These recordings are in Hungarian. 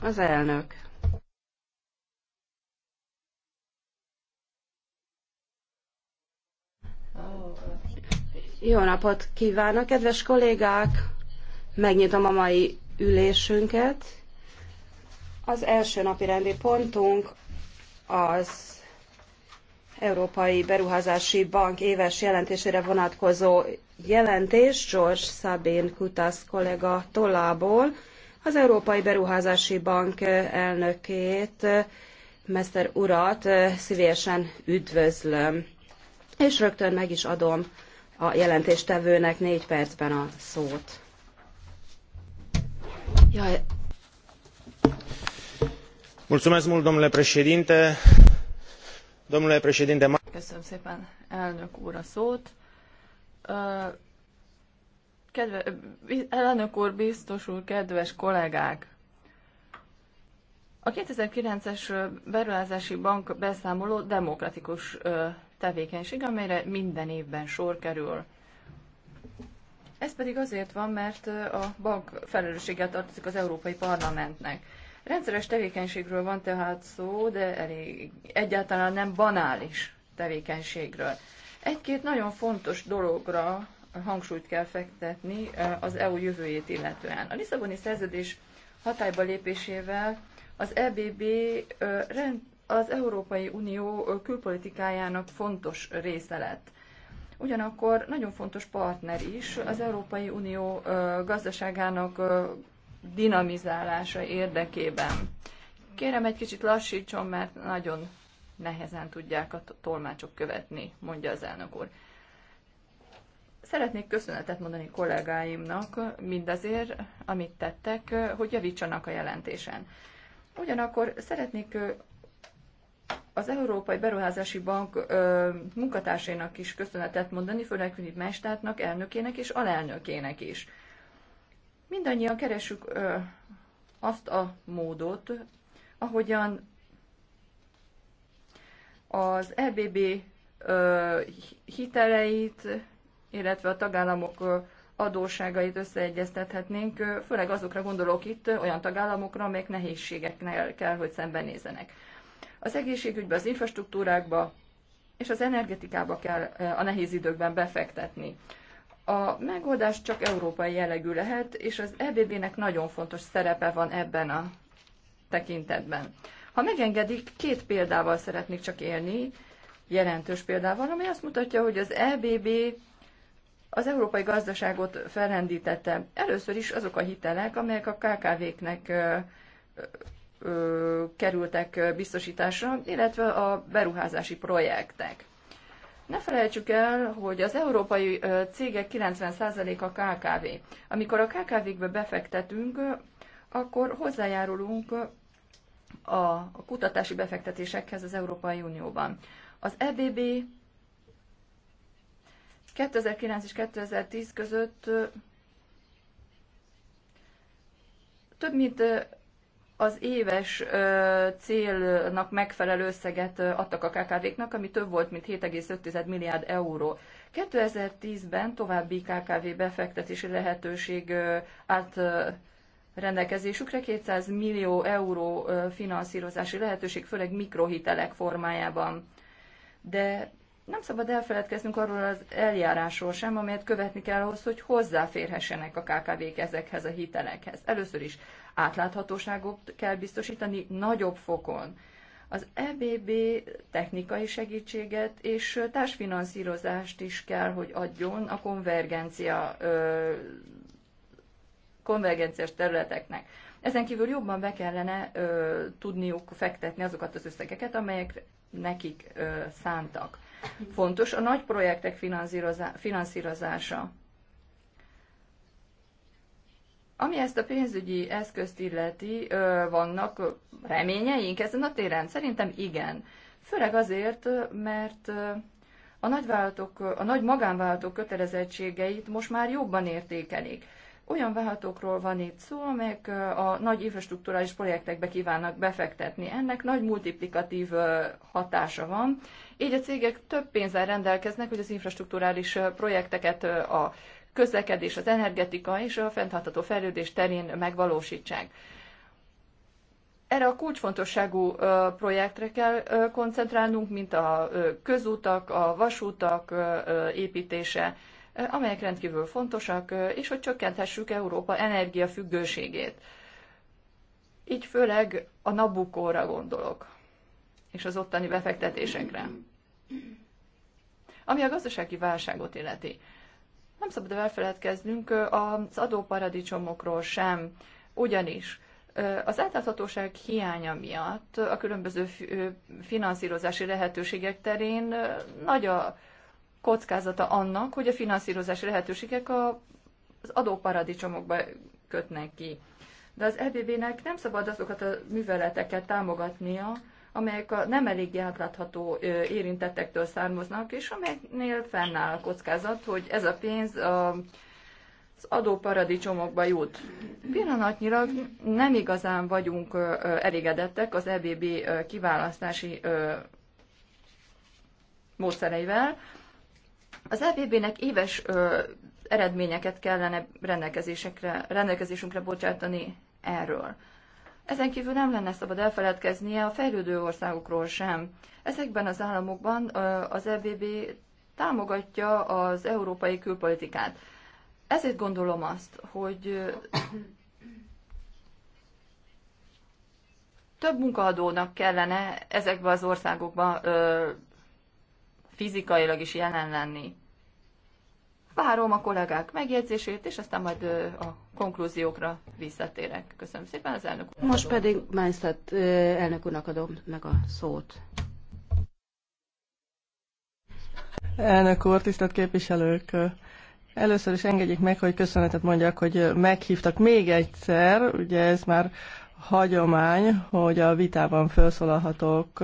Az elnök. Jó napot kívánok, kedves kollégák! Megnyitom a mai ülésünket. Az első napi rendi pontunk az Európai Beruházási Bank éves jelentésére vonatkozó jelentés George Sabin Kutas kollega tollából az Európai Beruházási Bank elnökét, Mester urat szívesen üdvözlöm. És rögtön meg is adom a jelentéstevőnek négy percben a szót. Jaj. Mulțumesc mult, domnule președinte. Domnule președinte, Köszönöm szépen, elnök úr, a szót. Kedve, elnök úr, biztos úr, kedves kollégák! A 2009-es beruházási bank beszámoló demokratikus tevékenység, amelyre minden évben sor kerül. Ez pedig azért van, mert a bank felelősséggel tartozik az Európai Parlamentnek. Rendszeres tevékenységről van tehát szó, de elég egyáltalán nem banális tevékenységről. Egy-két nagyon fontos dologra hangsúlyt kell fektetni az EU jövőjét illetően. A Lisszaboni szerződés hatályba lépésével az EBB az Európai Unió külpolitikájának fontos része lett. Ugyanakkor nagyon fontos partner is az Európai Unió gazdaságának dinamizálása érdekében. Kérem, egy kicsit lassítson, mert nagyon nehezen tudják a tolmácsok követni, mondja az elnök úr. Szeretnék köszönetet mondani kollégáimnak mindazért, amit tettek, hogy javítsanak a jelentésen. Ugyanakkor szeretnék az Európai Beruházási Bank munkatársainak is köszönetet mondani, főleg Filip Mestátnak, elnökének és alelnökének is. Mindannyian keresünk ö, azt a módot, ahogyan az EBB ö, hiteleit, illetve a tagállamok adósságait összeegyeztethetnénk, főleg azokra gondolok itt, olyan tagállamokra, amelyek nehézségeknél kell, hogy szembenézzenek. Az egészségügybe, az infrastruktúrákba és az energetikába kell a nehéz időkben befektetni. A megoldás csak európai jellegű lehet, és az EBB-nek nagyon fontos szerepe van ebben a tekintetben. Ha megengedik, két példával szeretnék csak élni, jelentős példával, ami azt mutatja, hogy az EBB az európai gazdaságot felrendítette. Először is azok a hitelek, amelyek a KKV-knek kerültek biztosításra, illetve a beruházási projektek. Ne felejtsük el, hogy az európai cégek 90%-a KKV. Amikor a KKV-kbe befektetünk, akkor hozzájárulunk a kutatási befektetésekhez az Európai Unióban. Az EBB 2009 és 2010 között több mint az éves célnak megfelelő összeget adtak a KKV-knak, ami több volt, mint 7,5 milliárd euró. 2010-ben további KKV befektetési lehetőség állt rendelkezésükre 200 millió euró finanszírozási lehetőség, főleg mikrohitelek formájában. De nem szabad elfeledkeznünk arról az eljárásról sem, amelyet követni kell ahhoz, hogy hozzáférhessenek a KKV-k ezekhez a hitelekhez. Először is átláthatóságot kell biztosítani nagyobb fokon. Az EBB technikai segítséget és társfinanszírozást is kell, hogy adjon a konvergencia, konvergenciás területeknek. Ezen kívül jobban be kellene ö, tudniuk fektetni azokat az összegeket, amelyek nekik ö, szántak. Fontos a nagy projektek finanszírozása. Ami ezt a pénzügyi eszközt illeti, vannak reményeink ezen a téren? Szerintem igen. Főleg azért, mert a, vállalatok, a nagy magánvállalatok kötelezettségeit most már jobban értékelik. Olyan vállalatokról van itt szó, amelyek a nagy infrastruktúrális projektekbe kívánnak befektetni. Ennek nagy multiplikatív hatása van, így a cégek több pénzzel rendelkeznek, hogy az infrastruktúrális projekteket a közlekedés, az energetika és a fenntartható fejlődés terén megvalósítsák. Erre a kulcsfontosságú projektre kell koncentrálnunk, mint a közútak, a vasútak építése, amelyek rendkívül fontosak, és hogy csökkenthessük Európa energiafüggőségét. Így főleg a Nabukóra gondolok, és az ottani befektetésekre. Ami a gazdasági válságot illeti nem szabad elfeledkeznünk az adóparadicsomokról sem, ugyanis az átláthatóság hiánya miatt a különböző finanszírozási lehetőségek terén nagy a kockázata annak, hogy a finanszírozási lehetőségek az adóparadicsomokba kötnek ki. De az EBB-nek nem szabad azokat a műveleteket támogatnia, amelyek a nem elég átlátható érintettektől származnak, és amelyeknél fennáll a kockázat, hogy ez a pénz a az adóparadicsomokba jut. Pillanatnyilag nem igazán vagyunk elégedettek az EBB kiválasztási módszereivel. Az EBB-nek éves eredményeket kellene rendelkezésünkre bocsátani erről. Ezen kívül nem lenne szabad elfeledkeznie a fejlődő országokról sem. Ezekben az államokban az EBB támogatja az európai külpolitikát. Ezért gondolom azt, hogy több munkahadónak kellene ezekben az országokban fizikailag is jelen lenni. Várom a kollégák megjegyzését, és aztán majd a konklúziókra visszatérek. Köszönöm szépen az elnök úrnak. Most pedig Mindset elnök úrnak adom meg a szót. Elnök úr, tisztelt képviselők! Először is engedjék meg, hogy köszönetet mondjak, hogy meghívtak még egyszer. Ugye ez már hagyomány, hogy a vitában felszólalhatok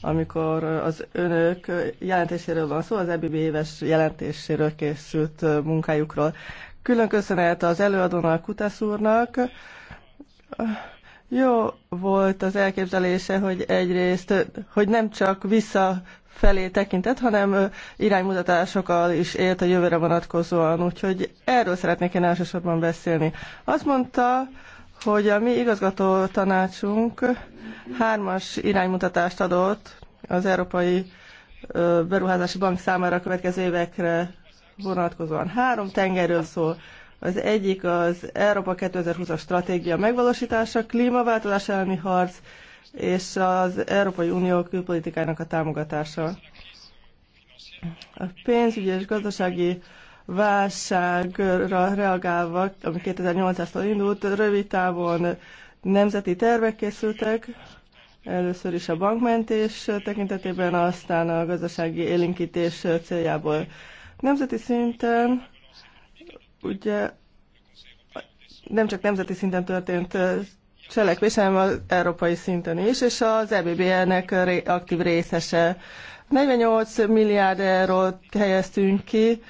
amikor az önök jelentéséről van szó, az EBB éves jelentéséről készült munkájukról. Külön köszönet az előadónak, Kutasz úrnak. Jó volt az elképzelése, hogy egyrészt, hogy nem csak vissza felé tekintett, hanem iránymutatásokkal is élt a jövőre vonatkozóan, úgyhogy erről szeretnék én elsősorban beszélni. Azt mondta, hogy a mi igazgató tanácsunk hármas iránymutatást adott az Európai Beruházási Bank számára a következő évekre vonatkozóan. Három tengerről szól. Az egyik az Európa 2020-as stratégia megvalósítása, klímaváltozás elleni harc és az Európai Unió külpolitikájának a támogatása. A pénzügyi és gazdasági uh, válságra reagálva, ami 2008-tól indult, rövid távon nemzeti tervek készültek, először is a bankmentés tekintetében, aztán a gazdasági élinkítés céljából. Nemzeti szinten ugye nem csak nemzeti szinten történt cselekvés, hanem az európai szinten is, és az EBB-nek aktív részese. 48 milliárd eurót helyeztünk ki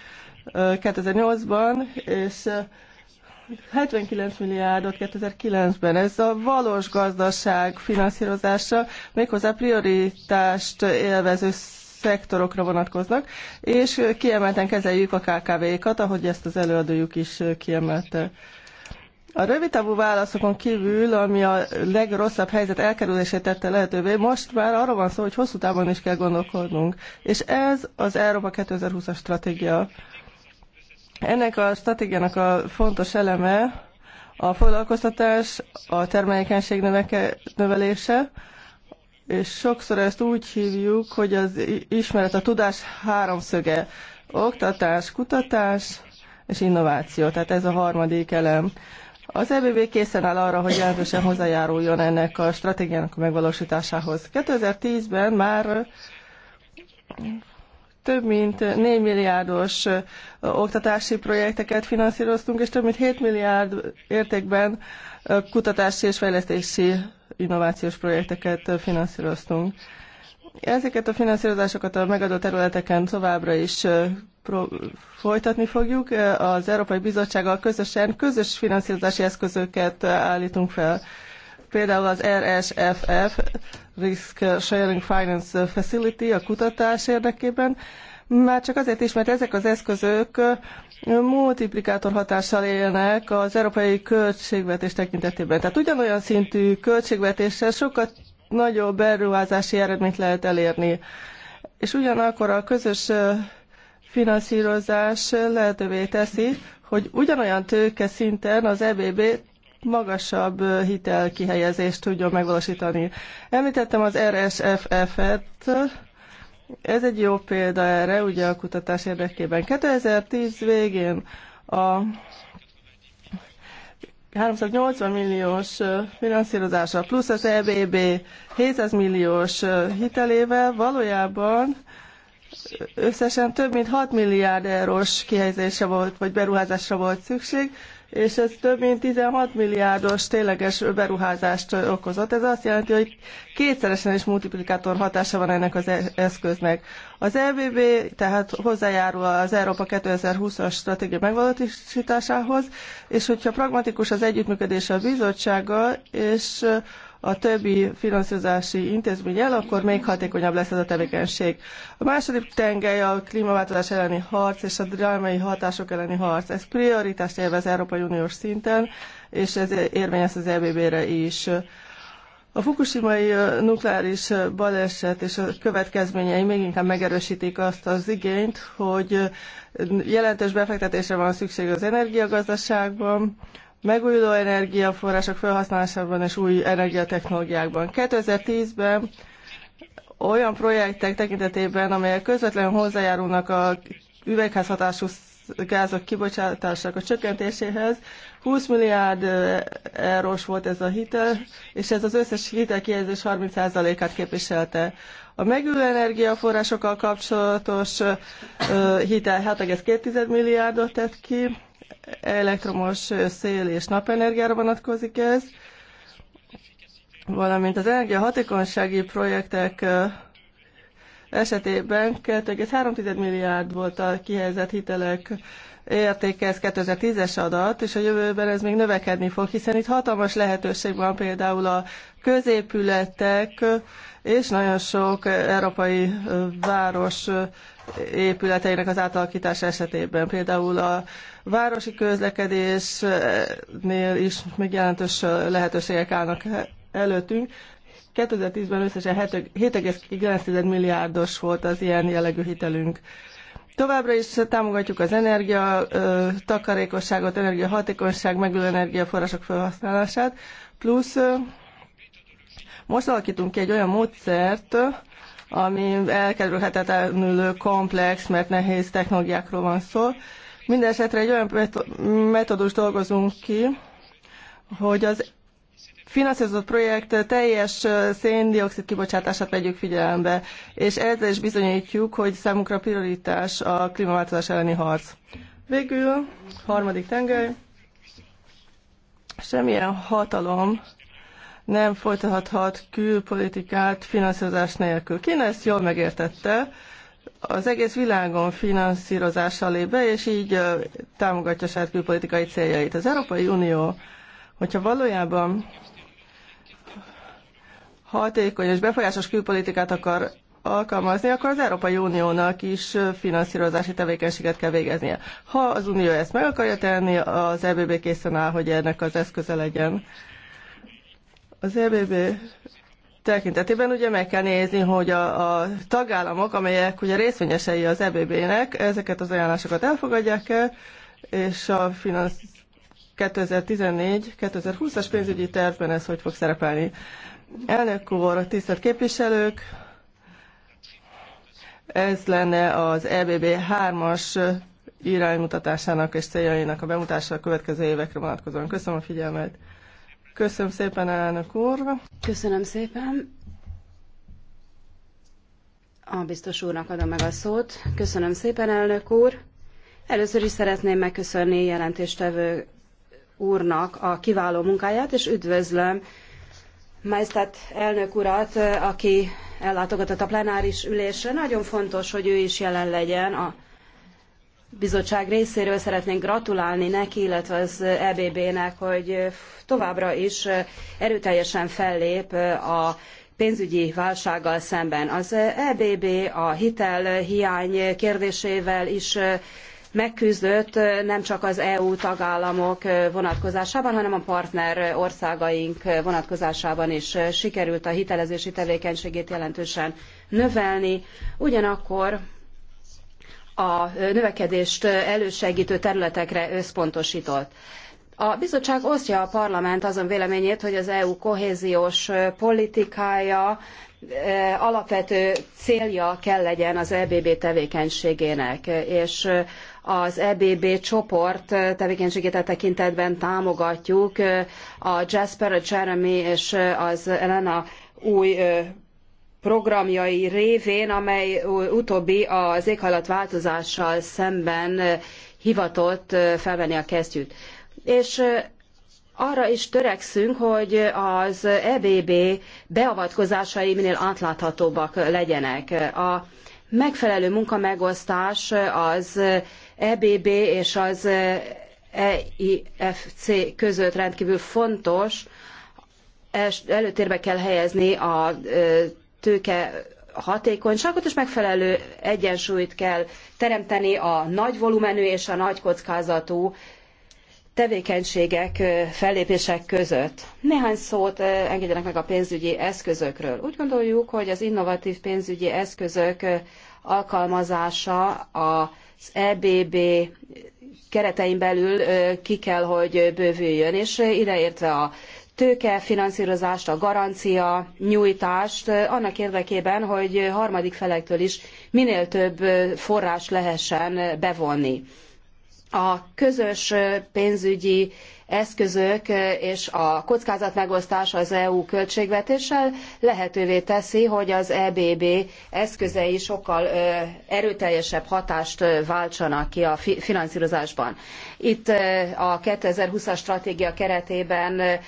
2008-ban, és 79 milliárdot 2009-ben. Ez a valós gazdaság finanszírozása méghozzá prioritást élvező szektorokra vonatkoznak, és kiemelten kezeljük a KKV-kat, ahogy ezt az előadójuk is kiemelte. A rövidtávú válaszokon kívül, ami a legrosszabb helyzet elkerülését tette lehetővé, most már arról van szó, hogy hosszú távon is kell gondolkodnunk. És ez az Európa 2020-as stratégia. Ennek a stratégiának a fontos eleme a foglalkoztatás, a termelékenység növeke, növelése, és sokszor ezt úgy hívjuk, hogy az ismeret, a tudás háromszöge, oktatás, kutatás és innováció, tehát ez a harmadik elem. Az EBB készen áll arra, hogy jelentősen hozzájáruljon ennek a stratégiának a megvalósításához. 2010-ben már több mint 4 milliárdos oktatási projekteket finanszíroztunk, és több mint 7 milliárd értékben kutatási és fejlesztési innovációs projekteket finanszíroztunk. Ezeket a finanszírozásokat a megadott területeken továbbra is folytatni fogjuk. Az Európai Bizottsággal közösen közös finanszírozási eszközöket állítunk fel. Például az RSFF, Risk Sharing Finance Facility a kutatás érdekében, már csak azért is, mert ezek az eszközök multiplikátor hatással élnek az európai költségvetés tekintetében. Tehát ugyanolyan szintű költségvetéssel sokat nagyobb beruházási eredményt lehet elérni. És ugyanakkor a közös finanszírozás lehetővé teszi, hogy ugyanolyan tőke szinten az EBB magasabb hitelkihelyezést tudjon megvalósítani. Említettem az RSFF-et, ez egy jó példa erre, ugye a kutatás érdekében. 2010 végén a 380 milliós finanszírozása plusz az EBB 700 milliós hitelével valójában összesen több mint 6 milliárd eurós kihelyezésre volt, vagy beruházásra volt szükség, és ez több mint 16 milliárdos tényleges beruházást okozott. Ez azt jelenti, hogy kétszeresen is multiplikátor hatása van ennek az e- eszköznek. Az EBB tehát hozzájárul az Európa 2020-as stratégia megvalósításához, és hogyha pragmatikus az együttműködés a bizottsággal, és a többi finanszírozási el, akkor még hatékonyabb lesz ez a tevékenység. A második tengely a klímaváltozás elleni harc és a drámai hatások elleni harc. Ez prioritást élvez Európai Uniós szinten, és ez érvényes az EBB-re is. A fukushimai nukleáris baleset és a következményei még inkább megerősítik azt az igényt, hogy jelentős befektetésre van szükség az energiagazdaságban, megújuló energiaforrások felhasználásában és új energiatechnológiákban. 2010-ben olyan projektek tekintetében, amelyek közvetlenül hozzájárulnak a üvegházhatású gázok kibocsátásának a csökkentéséhez. 20 milliárd eurós volt ez a hitel, és ez az összes hitelkihelyezés 30%-át képviselte. A megülő energiaforrásokkal kapcsolatos hitel 7,2 milliárdot tett ki, elektromos szél és napenergiára vonatkozik ez, valamint az energiahatékonysági projektek esetében 2,3 milliárd volt a kihelyezett hitelek értéke, ez 2010-es adat, és a jövőben ez még növekedni fog, hiszen itt hatalmas lehetőség van például a középületek és nagyon sok európai város épületeinek az átalakítása esetében. Például a városi közlekedésnél is még jelentős lehetőségek állnak előttünk. 2010-ben összesen 7,9 milliárdos volt az ilyen jellegű hitelünk. Továbbra is támogatjuk az energia takarékosságot, energiahatékonyság, megülő energiaforrások felhasználását, plusz most alakítunk ki egy olyan módszert, ami elkerülhetetlenül komplex, mert nehéz technológiákról van szó. Mindenesetre egy olyan metódus dolgozunk ki, hogy az finanszírozott projekt teljes széndiokszid kibocsátását vegyük figyelembe, és ezzel is bizonyítjuk, hogy számunkra prioritás a klímaváltozás elleni harc. Végül, harmadik tengely, semmilyen hatalom nem folytathat külpolitikát finanszírozás nélkül. Kína ezt jól megértette, az egész világon finanszírozással lép be, és így támogatja saját külpolitikai céljait. Az Európai Unió, hogyha valójában hatékony és befolyásos külpolitikát akar alkalmazni, akkor az Európai Uniónak is finanszírozási tevékenységet kell végeznie. Ha az Unió ezt meg akarja tenni, az EBB készen áll, hogy ennek az eszköze legyen. Az EBB tekintetében ugye meg kell nézni, hogy a, a tagállamok, amelyek ugye részvényesei az EBB-nek, ezeket az ajánlásokat elfogadják-e, és a finansz 2014-2020-as pénzügyi tervben ez hogy fog szerepelni. Elnök úr, tisztelt képviselők, ez lenne az EBB 3-as iránymutatásának és céljainak a bemutása a következő évekre vonatkozóan. Köszönöm a figyelmet! Köszönöm szépen, elnök úr. Köszönöm szépen. A biztos úrnak adom meg a szót. Köszönöm szépen, elnök úr. Először is szeretném megköszönni jelentéstevő úrnak a kiváló munkáját, és üdvözlöm Maestat elnök urat, aki ellátogatott a plenáris ülésre. Nagyon fontos, hogy ő is jelen legyen a bizottság részéről szeretnénk gratulálni neki, illetve az EBB-nek, hogy továbbra is erőteljesen fellép a pénzügyi válsággal szemben. Az EBB a hitelhiány kérdésével is megküzdött nem csak az EU tagállamok vonatkozásában, hanem a partner országaink vonatkozásában is sikerült a hitelezési tevékenységét jelentősen növelni. Ugyanakkor a növekedést elősegítő területekre összpontosított. A bizottság osztja a parlament azon véleményét, hogy az EU kohéziós politikája e, alapvető célja kell legyen az EBB tevékenységének, és az EBB csoport tevékenységét a e tekintetben támogatjuk. A Jasper, a Jeremy és az Elena új programjai révén, amely utóbbi az éghajlatváltozással szemben hivatott felvenni a kesztyűt. És arra is törekszünk, hogy az EBB beavatkozásai minél átláthatóbbak legyenek. A megfelelő munkamegosztás az EBB és az EIFC között rendkívül fontos, előtérbe kell helyezni a tőke hatékonyságot és megfelelő egyensúlyt kell teremteni a nagy volumenű és a nagy kockázatú tevékenységek, fellépések között. Néhány szót engedjenek meg a pénzügyi eszközökről. Úgy gondoljuk, hogy az innovatív pénzügyi eszközök alkalmazása az EBB keretein belül ki kell, hogy bővüljön, és ideértve a tőkefinanszírozást, a garancia nyújtást eh, annak érdekében, hogy harmadik felektől is minél több eh, forrás lehessen eh, bevonni. A közös pénzügyi eszközök és a kockázatmegosztás az EU költségvetéssel lehetővé teszi, hogy az EBB eszközei sokkal erőteljesebb hatást váltsanak ki a finanszírozásban. Itt a 2020-as stratégia keretében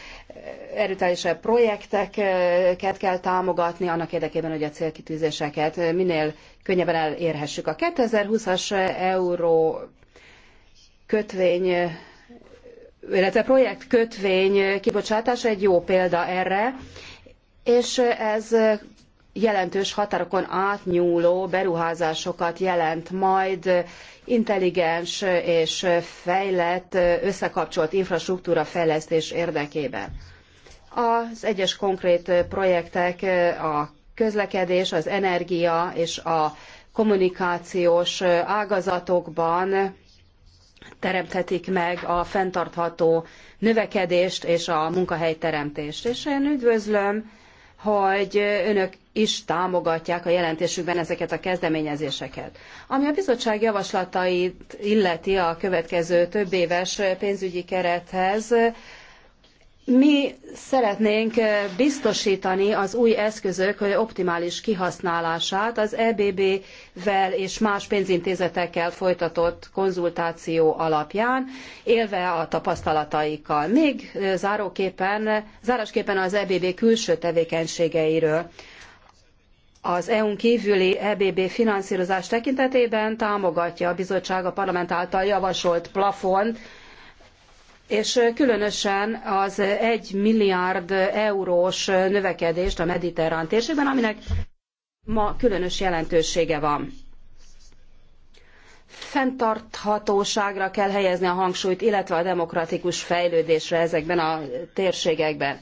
erőteljesebb projekteket kell támogatni annak érdekében, hogy a célkitűzéseket minél könnyebben elérhessük. A 2020-as euró kötvény, illetve projekt kötvény kibocsátása egy jó példa erre, és ez jelentős határokon átnyúló beruházásokat jelent majd intelligens és fejlett összekapcsolt infrastruktúra fejlesztés érdekében. Az egyes konkrét projektek a közlekedés, az energia és a kommunikációs ágazatokban teremthetik meg a fenntartható növekedést és a munkahelyteremtést. És én üdvözlöm, hogy önök is támogatják a jelentésükben ezeket a kezdeményezéseket. Ami a bizottság javaslatait illeti a következő több éves pénzügyi kerethez, mi szeretnénk biztosítani az új eszközök optimális kihasználását az EBB-vel és más pénzintézetekkel folytatott konzultáció alapján, élve a tapasztalataikkal. Még záróképpen, zárásképpen az EBB külső tevékenységeiről. Az EU-n kívüli EBB finanszírozás tekintetében támogatja a bizottság a parlament által javasolt plafont, és különösen az 1 milliárd eurós növekedést a mediterrán térségben, aminek ma különös jelentősége van. Fenntarthatóságra kell helyezni a hangsúlyt, illetve a demokratikus fejlődésre ezekben a térségekben.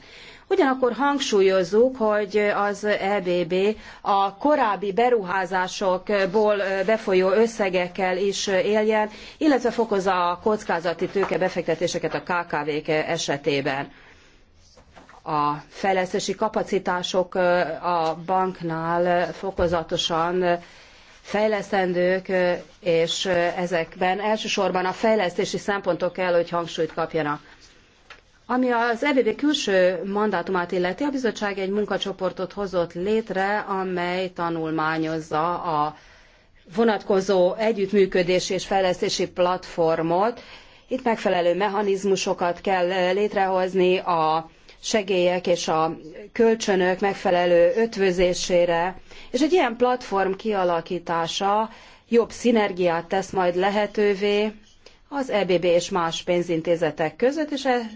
Ugyanakkor hangsúlyozzuk, hogy az EBB a korábbi beruházásokból befolyó összegekkel is éljen, illetve fokozza a kockázati tőke befektetéseket a KKV-k esetében. A fejlesztési kapacitások a banknál fokozatosan fejlesztendők, és ezekben elsősorban a fejlesztési szempontok kell, hogy hangsúlyt kapjanak. Ami az EBB külső mandátumát illeti, a bizottság egy munkacsoportot hozott létre, amely tanulmányozza a vonatkozó együttműködés és fejlesztési platformot. Itt megfelelő mechanizmusokat kell létrehozni a segélyek és a kölcsönök megfelelő ötvözésére, és egy ilyen platform kialakítása jobb szinergiát tesz majd lehetővé az EBB és más pénzintézetek között, és e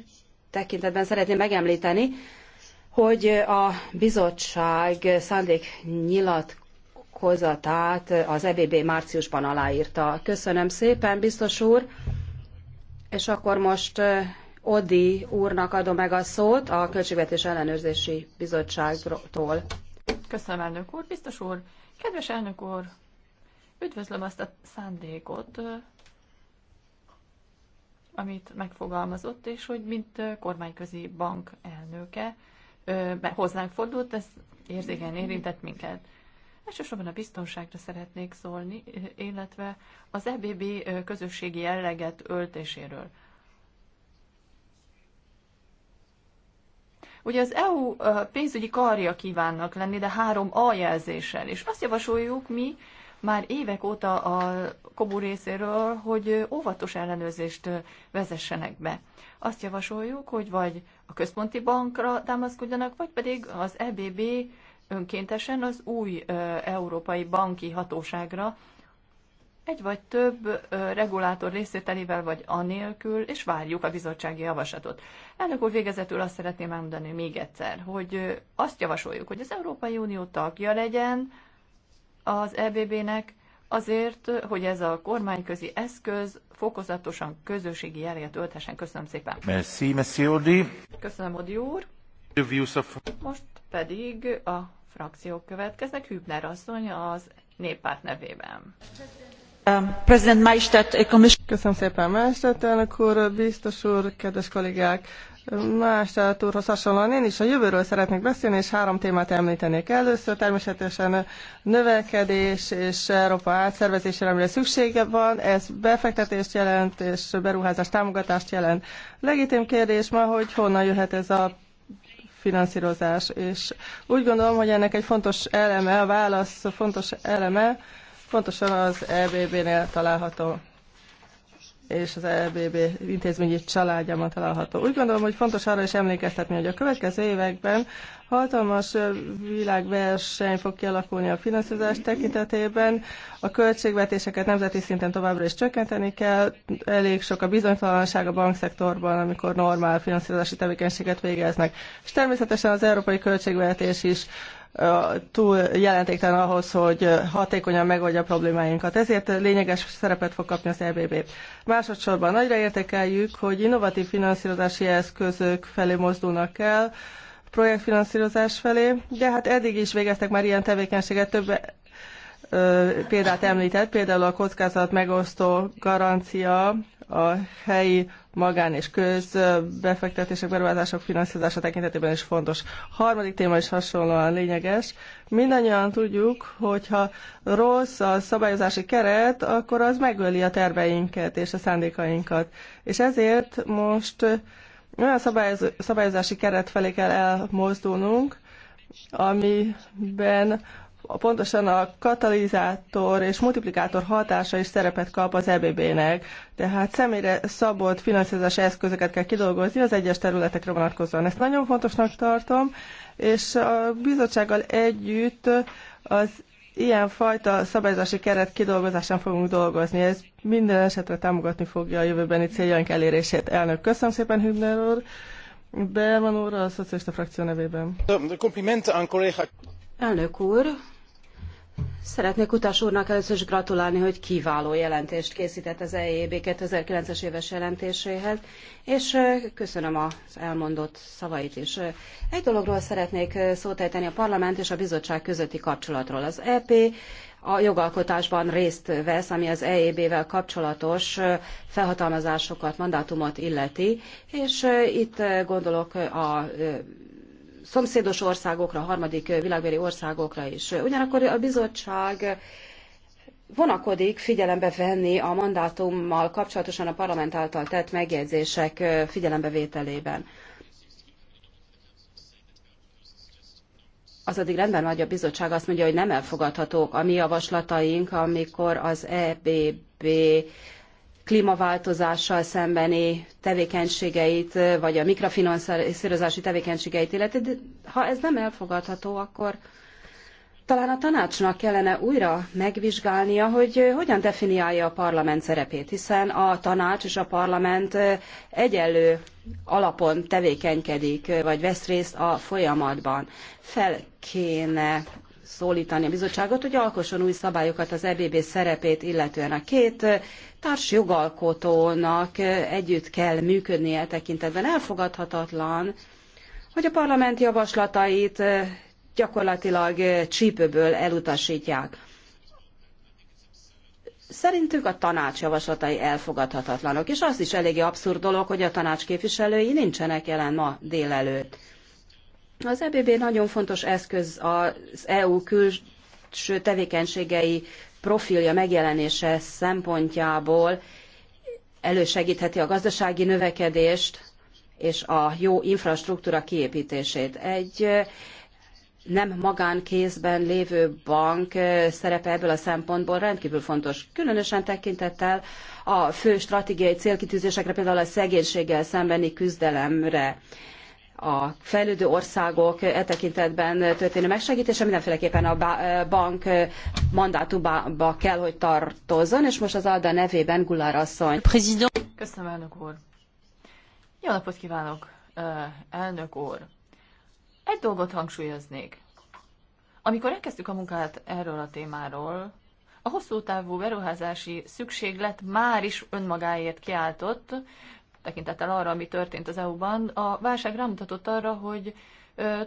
tekintetben szeretném megemlíteni, hogy a bizottság szándéknyilatkozatát nyilatkozatát az EBB márciusban aláírta. Köszönöm szépen, biztos úr. És akkor most Odi úrnak adom meg a szót a Költségvetés Ellenőrzési Bizottságtól. Köszönöm, elnök úr, biztos úr. Kedves elnök úr, üdvözlöm azt a szándékot, amit megfogalmazott, és hogy mint kormányközi bank elnöke hozzánk fordult, ez érzékeny érintett minket. Elsősorban a biztonságra szeretnék szólni, illetve az EBB közösségi jelleget öltéséről. Ugye az EU pénzügyi karja kívánnak lenni, de három A jelzéssel, és azt javasoljuk mi, már évek óta a Kobu részéről, hogy óvatos ellenőrzést vezessenek be. Azt javasoljuk, hogy vagy a központi bankra támaszkodjanak, vagy pedig az EBB önkéntesen az új európai banki hatóságra, egy vagy több regulátor részvételével vagy anélkül, és várjuk a bizottsági javaslatot. Elnök úr, végezetül azt szeretném elmondani még egyszer, hogy azt javasoljuk, hogy az Európai Unió tagja legyen az EBB-nek azért, hogy ez a kormányközi eszköz fokozatosan közösségi jelét ölthessen. Köszönöm szépen. Merci, merci, Odi. Köszönöm, Odi úr. Most pedig a frakciók következnek. Hübner asszony az néppárt nevében. Um, President eh, Köszönöm szépen, Maestet elnök úr, biztos úr, kedves kollégák! Más túrhoz hasonlóan én is a jövőről szeretnék beszélni, és három témát említenék. Először természetesen növekedés és Európa átszervezésére, amire szüksége van, ez befektetést jelent, és beruházás támogatást jelent. Legitim kérdés ma, hogy honnan jöhet ez a finanszírozás, és úgy gondolom, hogy ennek egy fontos eleme, a válasz fontos eleme, pontosan az EBB-nél található és az EBB intézményi családjában található. Úgy gondolom, hogy fontos arra is emlékeztetni, hogy a következő években hatalmas világverseny fog kialakulni a finanszírozás tekintetében. A költségvetéseket nemzeti szinten továbbra is csökkenteni kell. Elég sok a bizonytalanság a bankszektorban, amikor normál finanszírozási tevékenységet végeznek. És természetesen az európai költségvetés is túl jelentéktelen ahhoz, hogy hatékonyan megoldja a problémáinkat. Ezért lényeges szerepet fog kapni az EBB. Másodszorban nagyra értékeljük, hogy innovatív finanszírozási eszközök felé mozdulnak el, projektfinanszírozás felé, de hát eddig is végeztek már ilyen tevékenységet több példát említett, például a kockázat megosztó garancia a helyi magán és közbefektetések, beruházások finanszírozása tekintetében is fontos. Harmadik téma is hasonlóan lényeges. Mindannyian tudjuk, hogyha rossz a szabályozási keret, akkor az megöli a terveinket és a szándékainkat. És ezért most olyan szabályozási keret felé kell elmozdulnunk, amiben pontosan a katalizátor és multiplikátor hatása is szerepet kap az EBB-nek. Tehát személyre szabott finanszírozási eszközöket kell kidolgozni az egyes területekre vonatkozóan. Ezt nagyon fontosnak tartom, és a bizottsággal együtt az ilyen fajta szabályozási keret kidolgozásán fogunk dolgozni. Ez minden esetre támogatni fogja a jövőbeni céljaink elérését. Elnök, köszönöm szépen, Hübner úr. Berman úr, a szocialista frakció nevében. Elnök úr, Szeretnék utas úrnak először is gratulálni, hogy kiváló jelentést készített az EIB e 2009-es éves jelentéséhez, és köszönöm az elmondott szavait is. Egy dologról szeretnék szót ejteni a parlament és a bizottság közötti kapcsolatról. Az EP a jogalkotásban részt vesz, ami az eeb vel kapcsolatos felhatalmazásokat, mandátumot illeti, és itt gondolok a szomszédos országokra, harmadik világbeli országokra is. Ugyanakkor a bizottság vonakodik figyelembe venni a mandátummal kapcsolatosan a parlament által tett megjegyzések figyelembevételében. Az addig rendben vagy a bizottság azt mondja, hogy nem elfogadhatók a mi javaslataink, amikor az EBB klímaváltozással szembeni tevékenységeit, vagy a mikrofinanszírozási tevékenységeit illeti, de ha ez nem elfogadható, akkor talán a tanácsnak kellene újra megvizsgálnia, hogy hogyan definiálja a parlament szerepét, hiszen a tanács és a parlament egyenlő alapon tevékenykedik, vagy vesz részt a folyamatban. Fel kéne szólítani a bizottságot, hogy alkosson új szabályokat az EBB szerepét illetően. A két társ jogalkotónak együtt kell működnie e tekintetben. Elfogadhatatlan, hogy a parlament javaslatait gyakorlatilag csípőből elutasítják. Szerintük a tanács javaslatai elfogadhatatlanok, és az is eléggé abszurd dolog, hogy a tanács képviselői nincsenek jelen ma délelőtt. Az EBB nagyon fontos eszköz az EU külső tevékenységei profilja megjelenése szempontjából elősegítheti a gazdasági növekedést és a jó infrastruktúra kiépítését. Egy nem magánkézben lévő bank szerepe ebből a szempontból rendkívül fontos, különösen tekintettel a fő stratégiai célkitűzésekre, például a szegénységgel szembeni küzdelemre a fejlődő országok e tekintetben történő megsegítése mindenféleképpen a e, bank mandátumába kell, hogy tartozzon, és most az Alda nevében Gulár asszony. Köszönöm, elnök úr. Jó napot kívánok, e, elnök úr. Egy dolgot hangsúlyoznék. Amikor elkezdtük a munkát erről a témáról, a hosszú távú beruházási szükséglet már is önmagáért kiáltott, tekintettel arra, ami történt az EU-ban. A válság rámutatott arra, hogy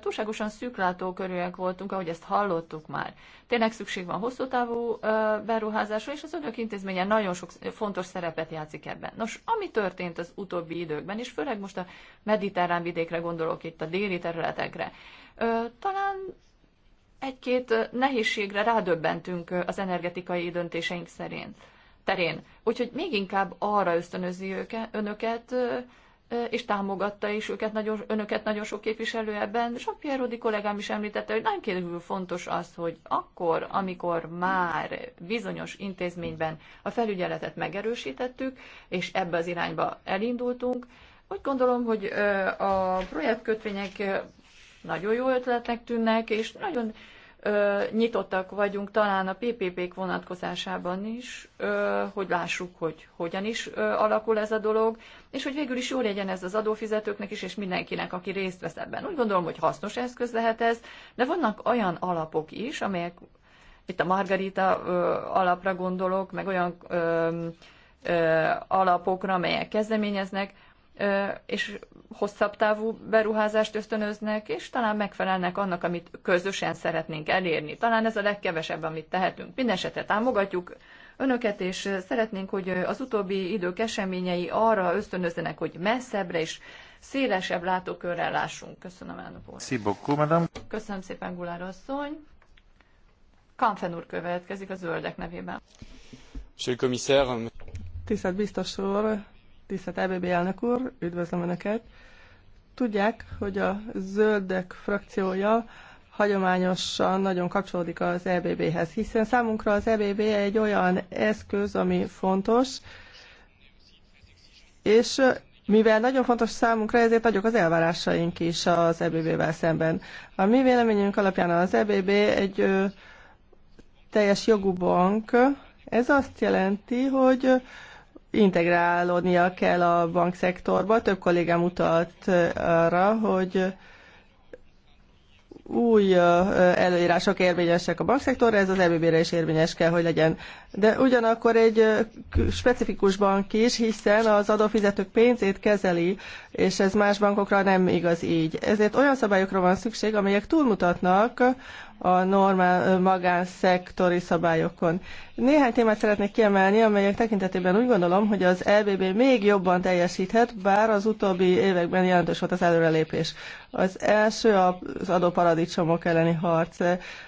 túlságosan szűklátókörűek voltunk, ahogy ezt hallottuk már. Tényleg szükség van hosszú távú beruházásra, és az önök intézménye nagyon sok fontos szerepet játszik ebben. Nos, ami történt az utóbbi időkben, és főleg most a mediterrán vidékre gondolok itt, a déli területekre, talán egy-két nehézségre rádöbbentünk az energetikai döntéseink szerint terén. Úgyhogy még inkább arra ösztönözi őket, önöket, és támogatta is őket nagyon, önöket nagyon sok képviselő ebben. Jean-Pierre Rodi kollégám is említette, hogy nagyon kívül fontos az, hogy akkor, amikor már bizonyos intézményben a felügyeletet megerősítettük, és ebbe az irányba elindultunk, úgy gondolom, hogy a projektkötvények nagyon jó ötletnek tűnnek, és nagyon ö, nyitottak vagyunk talán a PPP-k vonatkozásában is, ö, hogy lássuk, hogy hogyan is ö, alakul ez a dolog, és hogy végül is jó legyen ez az adófizetőknek is, és mindenkinek, aki részt vesz ebben. Úgy gondolom, hogy hasznos eszköz lehet ez, de vannak olyan alapok is, amelyek, itt a Margarita ö, alapra gondolok, meg olyan ö, ö, alapokra, amelyek kezdeményeznek, és hosszabb távú beruházást ösztönöznek, és talán megfelelnek annak, amit közösen szeretnénk elérni. Talán ez a legkevesebb, amit tehetünk. Mindenesetre támogatjuk önöket, és szeretnénk, hogy az utóbbi idők eseményei arra ösztönözzenek, hogy messzebbre és szélesebb látókörrel lássunk. Köszönöm, elnök úr. Szibokku, madam. Köszönöm szépen, Gulár asszony. Kamfen úr következik a zöldek nevében. Monsieur le commissaire. Tisztelt biztos úr, Tisztelt EBB elnök úr, üdvözlöm Önöket! Tudják, hogy a zöldek frakciója hagyományosan nagyon kapcsolódik az EBB-hez, hiszen számunkra az EBB egy olyan eszköz, ami fontos, és mivel nagyon fontos számunkra, ezért nagyok az elvárásaink is az EBB-vel szemben. A mi véleményünk alapján az EBB egy ö, teljes jogú bank. Ez azt jelenti, hogy integrálódnia kell a bankszektorba. Több kollégám utalt eh, arra, hogy új eh, előírások érvényesek a bankszektorra, ez az EBB-re is érvényes kell, hogy legyen. De ugyanakkor egy eh, specifikus bank is, hiszen az adófizetők pénzét kezeli, és ez más bankokra nem igaz így. Ezért olyan szabályokra van szükség, amelyek túlmutatnak a normál magánszektori szabályokon. Néhány témát szeretnék kiemelni, amelyek tekintetében úgy gondolom, hogy az LBB még jobban teljesíthet, bár az utóbbi években jelentős volt az előrelépés. Az első az adóparadicsomok elleni harc.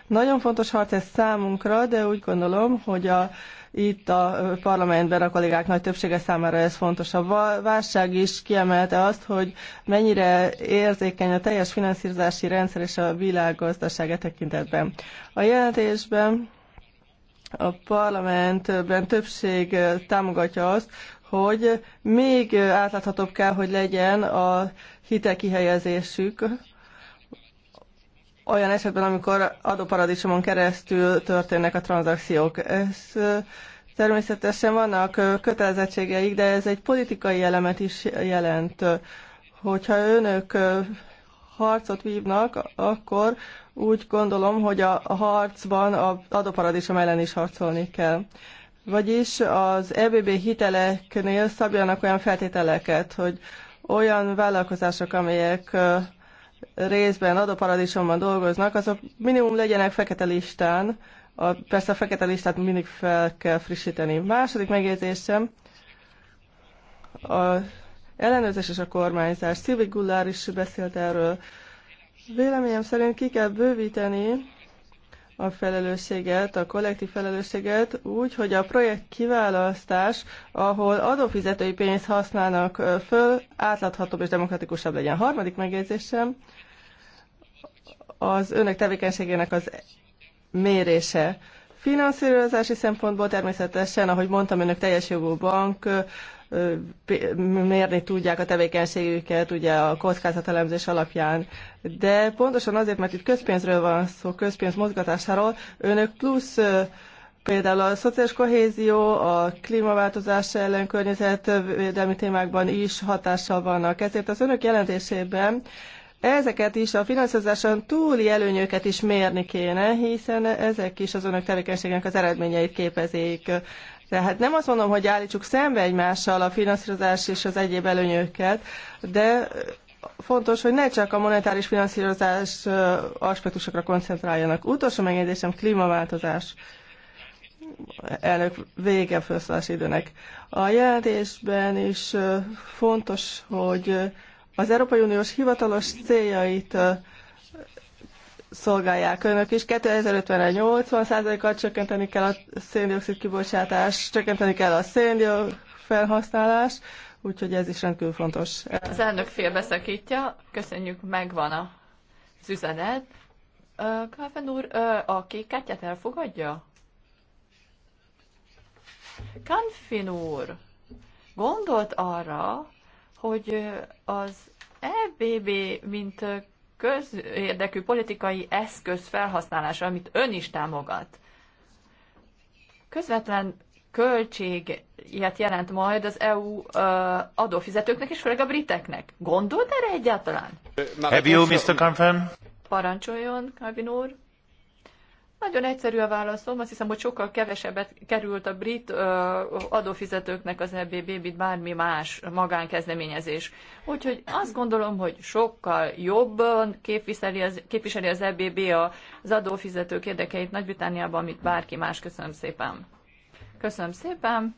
Nagyon fontos harc ez számunkra, de úgy gondolom, hogy a itt a parlamentben a kollégák nagy többsége számára ez fontos. A válság is kiemelte azt, hogy mennyire érzékeny a teljes finanszírozási rendszer és a világgazdasága e tekintetben. A jelentésben a parlamentben többség támogatja azt, hogy még átláthatóbb kell, hogy legyen a hitel olyan esetben, amikor adóparadicsomon keresztül történnek a tranzakciók. Ez természetesen vannak kötelezettségeik, de ez egy politikai elemet is jelent. Hogyha önök harcot vívnak, akkor úgy gondolom, hogy a harcban az adóparadicsom ellen is harcolni kell. Vagyis az EBB hiteleknél szabjanak olyan feltételeket, hogy olyan vállalkozások, amelyek részben adóparadicsomban dolgoznak, azok minimum legyenek fekete listán. A, persze a fekete listát mindig fel kell frissíteni. Második megjegyzésem, a ellenőrzés és a kormányzás. Szilvi Gullár is beszélt erről. Véleményem szerint ki kell bővíteni a felelősséget, a kollektív felelősséget úgy, hogy a projekt kiválasztás, ahol adófizetői pénzt használnak föl, átláthatóbb és demokratikusabb legyen. Harmadik megjegyzésem, az önök tevékenységének az mérése. Finanszírozási szempontból természetesen, ahogy mondtam, önök teljes jogú bank, mérni tudják a tevékenységüket ugye a kockázatelemzés alapján. De pontosan azért, mert itt közpénzről van szó, közpénz mozgatásáról, önök plusz például a szociális kohézió, a klímaváltozás ellen környezetvédelmi témákban is hatással vannak. Ezért az önök jelentésében ezeket is, a finanszírozáson túli előnyöket is mérni kéne, hiszen ezek is az önök tevékenységének az eredményeit képezik. Tehát nem azt mondom, hogy állítsuk szembe egymással a finanszírozás és az egyéb előnyöket, de fontos, hogy ne csak a monetáris finanszírozás aspektusokra koncentráljanak. Utolsó megjegyzésem klímaváltozás elnök vége felszólási időnek. A jelentésben is fontos, hogy az Európai Uniós hivatalos céljait szolgálják önök is. 2050-re 80%-kal csökkenteni kell a széndiokszid kibocsátás, csökkenteni kell a széndiokszid felhasználás, úgyhogy ez is rendkívül fontos. Az elnök félbeszakítja, köszönjük, megvan a üzenet. Káfen úr, a kék elfogadja? Kánfin úr, gondolt arra, hogy az EBB, mint közérdekű politikai eszköz felhasználása, amit ön is támogat, közvetlen költséget jelent majd az EU adófizetőknek, és főleg a briteknek. Gondolt erre egyáltalán? Have you, Mr. Confirm? Parancsoljon, Calvin úr. Nagyon egyszerű a válaszom, azt hiszem, hogy sokkal kevesebbet került a brit adófizetőknek az EBB, mint bármi más magánkezdeményezés. Úgyhogy azt gondolom, hogy sokkal jobban képviseli az, képviseli az EBB az adófizetők érdekeit Nagy-Britániában, mint bárki más. Köszönöm szépen. Köszönöm szépen.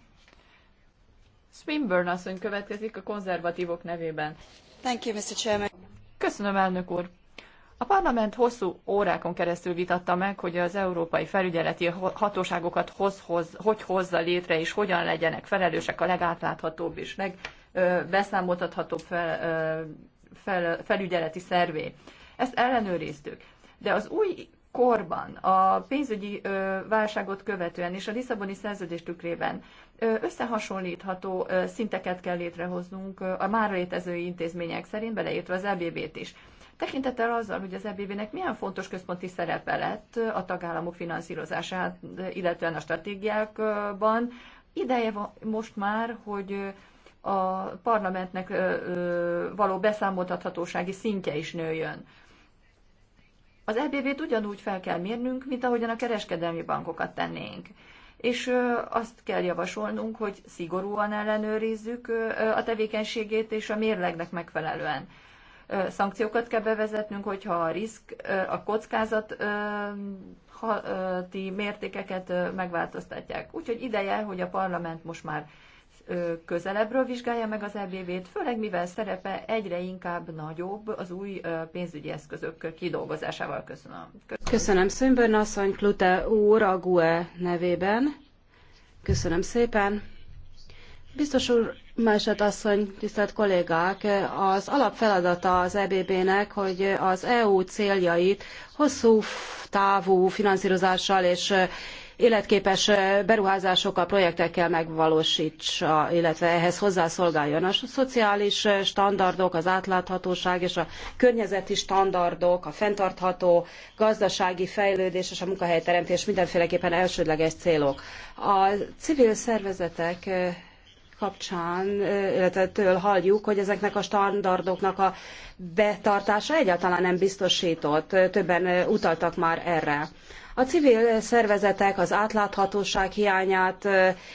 Swinburne asszony következik a konzervatívok nevében. Thank you, Mr. Chairman. Köszönöm, elnök úr. A parlament hosszú órákon keresztül vitatta meg, hogy az európai felügyeleti hatóságokat hoz, hoz, hogy hozza létre, és hogyan legyenek felelősek a legátláthatóbb és legbeszámoltathatóbb fel, fel, felügyeleti szervé. Ezt ellenőriztük. De az új korban, a pénzügyi ö, válságot követően és a Lisszaboni szerződés tükrében ö, összehasonlítható ö, szinteket kell létrehoznunk ö, a már létező intézmények szerint, beleértve az EBB-t is. Tekintettel azzal, hogy az ebv nek milyen fontos központi szerepe lett a tagállamok finanszírozását, illetően a stratégiákban, ideje van most már, hogy a parlamentnek való beszámoltathatósági szintje is nőjön. Az ebv t ugyanúgy fel kell mérnünk, mint ahogyan a kereskedelmi bankokat tennénk. És azt kell javasolnunk, hogy szigorúan ellenőrizzük a tevékenységét és a mérlegnek megfelelően szankciókat kell bevezetnünk, hogyha a risk, a kockázati mértékeket megváltoztatják. Úgyhogy ideje, hogy a parlament most már közelebbről vizsgálja meg az EBV-t, főleg mivel szerepe egyre inkább nagyobb az új pénzügyi eszközök kidolgozásával. Köszönöm. Köszönöm, Köszönöm Szönbön asszony, Klute úr a GUE nevében. Köszönöm szépen. Biztos úr, Máset asszony, tisztelt kollégák, az alapfeladata az EBB-nek, hogy az EU céljait hosszú távú finanszírozással és életképes beruházásokkal, projektekkel megvalósítsa, illetve ehhez hozzászolgáljon. A szociális standardok, az átláthatóság és a környezeti standardok, a fenntartható gazdasági fejlődés és a munkahelyteremtés mindenféleképpen elsődleges célok. A civil szervezetek kapcsán, illetve től halljuk, hogy ezeknek a standardoknak a betartása egyáltalán nem biztosított. Többen utaltak már erre. A civil szervezetek az átláthatóság hiányát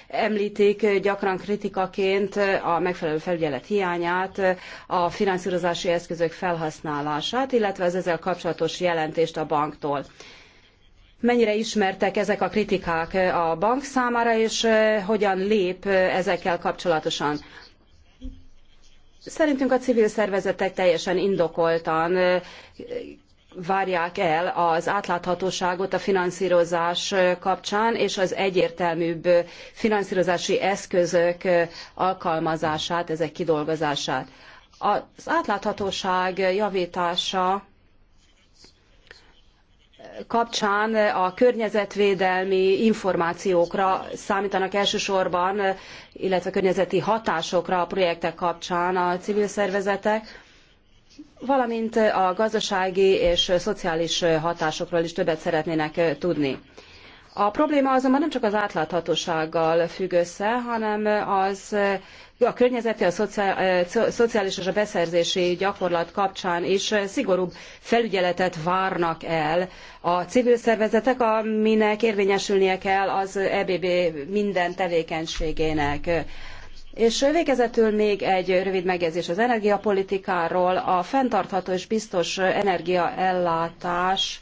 említik gyakran kritikaként, a megfelelő felügyelet hiányát, a finanszírozási eszközök felhasználását, illetve az ezzel kapcsolatos jelentést a banktól mennyire ismertek ezek a kritikák a bank számára, és hogyan lép ezekkel kapcsolatosan. Szerintünk a civil szervezetek teljesen indokoltan várják el az átláthatóságot a finanszírozás kapcsán, és az egyértelműbb finanszírozási eszközök alkalmazását, ezek kidolgozását. Az átláthatóság javítása kapcsán a környezetvédelmi információkra számítanak elsősorban, illetve környezeti hatásokra a projektek kapcsán a civil szervezetek, valamint a gazdasági és szociális hatásokról is többet szeretnének tudni. A probléma azonban nem csak az átláthatósággal függ össze, hanem az a környezeti, a eh, szociális és a beszerzési gyakorlat kapcsán is szigorúbb felügyeletet várnak el a civil szervezetek, aminek érvényesülnie kell az EBB minden tevékenységének. És végezetül még egy rövid megjegyzés az energiapolitikáról. A fenntartható és biztos energiaellátás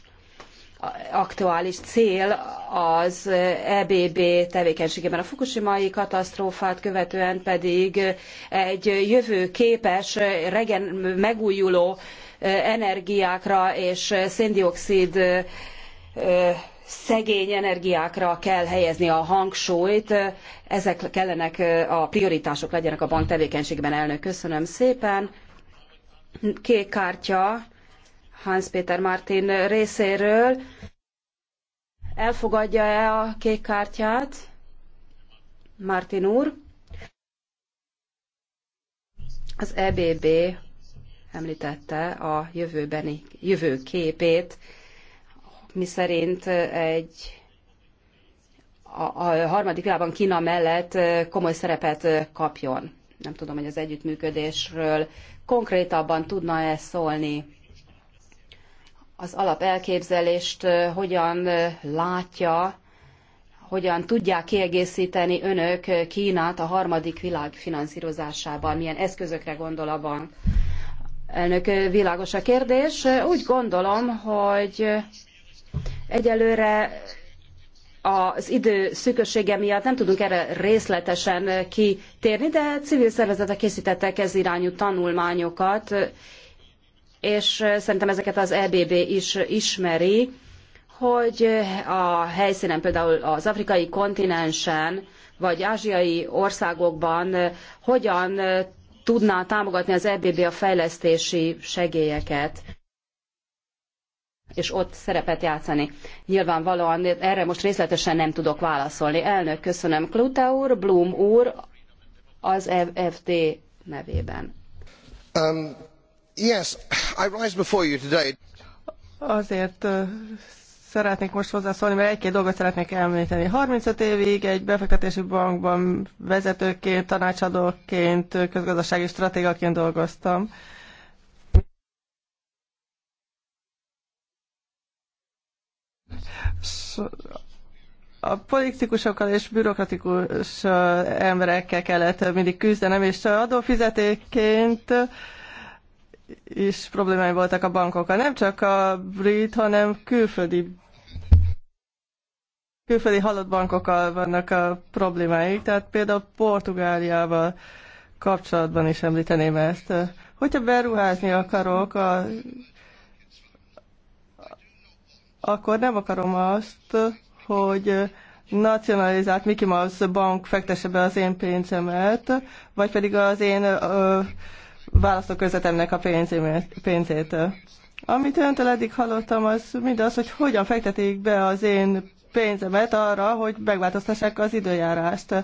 aktuális cél az EBB tevékenységében. A fukushimai katasztrófát követően pedig egy jövőképes, regen, megújuló energiákra és széndiokszid szegény energiákra kell helyezni a hangsúlyt. Ezek kellenek a prioritások legyenek a bank tevékenységben, elnök. Köszönöm szépen. Kék kártya Hans Peter Martin részéről. Elfogadja-e a kék kártyát? Martin úr. Az EBB említette a jövőbeni jövő képét, miszerint egy a, a harmadik világban Kína mellett komoly szerepet kapjon. Nem tudom, hogy az együttműködésről konkrétabban tudna-e szólni az alapelképzelést hogyan látja, hogyan tudják kiegészíteni önök Kínát a harmadik világ finanszírozásában, milyen eszközökre gondol a bank. Elnök, világos a kérdés. Úgy gondolom, hogy egyelőre az idő szűkössége miatt nem tudunk erre részletesen kitérni, de civil szervezetek készítettek ez irányú tanulmányokat, és szerintem ezeket az EBB is ismeri, hogy a helyszínen, például az afrikai kontinensen, vagy ázsiai országokban hogyan tudná támogatni az EBB a fejlesztési segélyeket és ott szerepet játszani. Nyilvánvalóan erre most részletesen nem tudok válaszolni. Elnök, köszönöm. Klute úr, Blum úr, az FD nevében. Um, Azért szeretnék most hozzászólni, mert egy-két dolgot szeretnék thirty five évig egy befektetési bankban vezetőként, tanácsadóként, közgazdasági stratégaként dolgoztam. a politikusokkal és bürokratikus emberekkel kellett mindig küzdenem, és adófizetéként is problémái voltak a bankokkal. Nem csak a brit, hanem külföldi külföldi halott bankokkal vannak a problémáik, tehát például Portugáliával kapcsolatban is említeném ezt. Hogyha beruházni akarok, a, akkor nem akarom azt, hogy nacionalizált Mickey Mouse bank fektesse be az én pénzemet, vagy pedig az én ö, Választok közvetemnek a pénzét. Amit öntől eddig hallottam, az mindaz, hogy hogyan fektetik be az én pénzemet arra, hogy megváltoztassák az időjárást.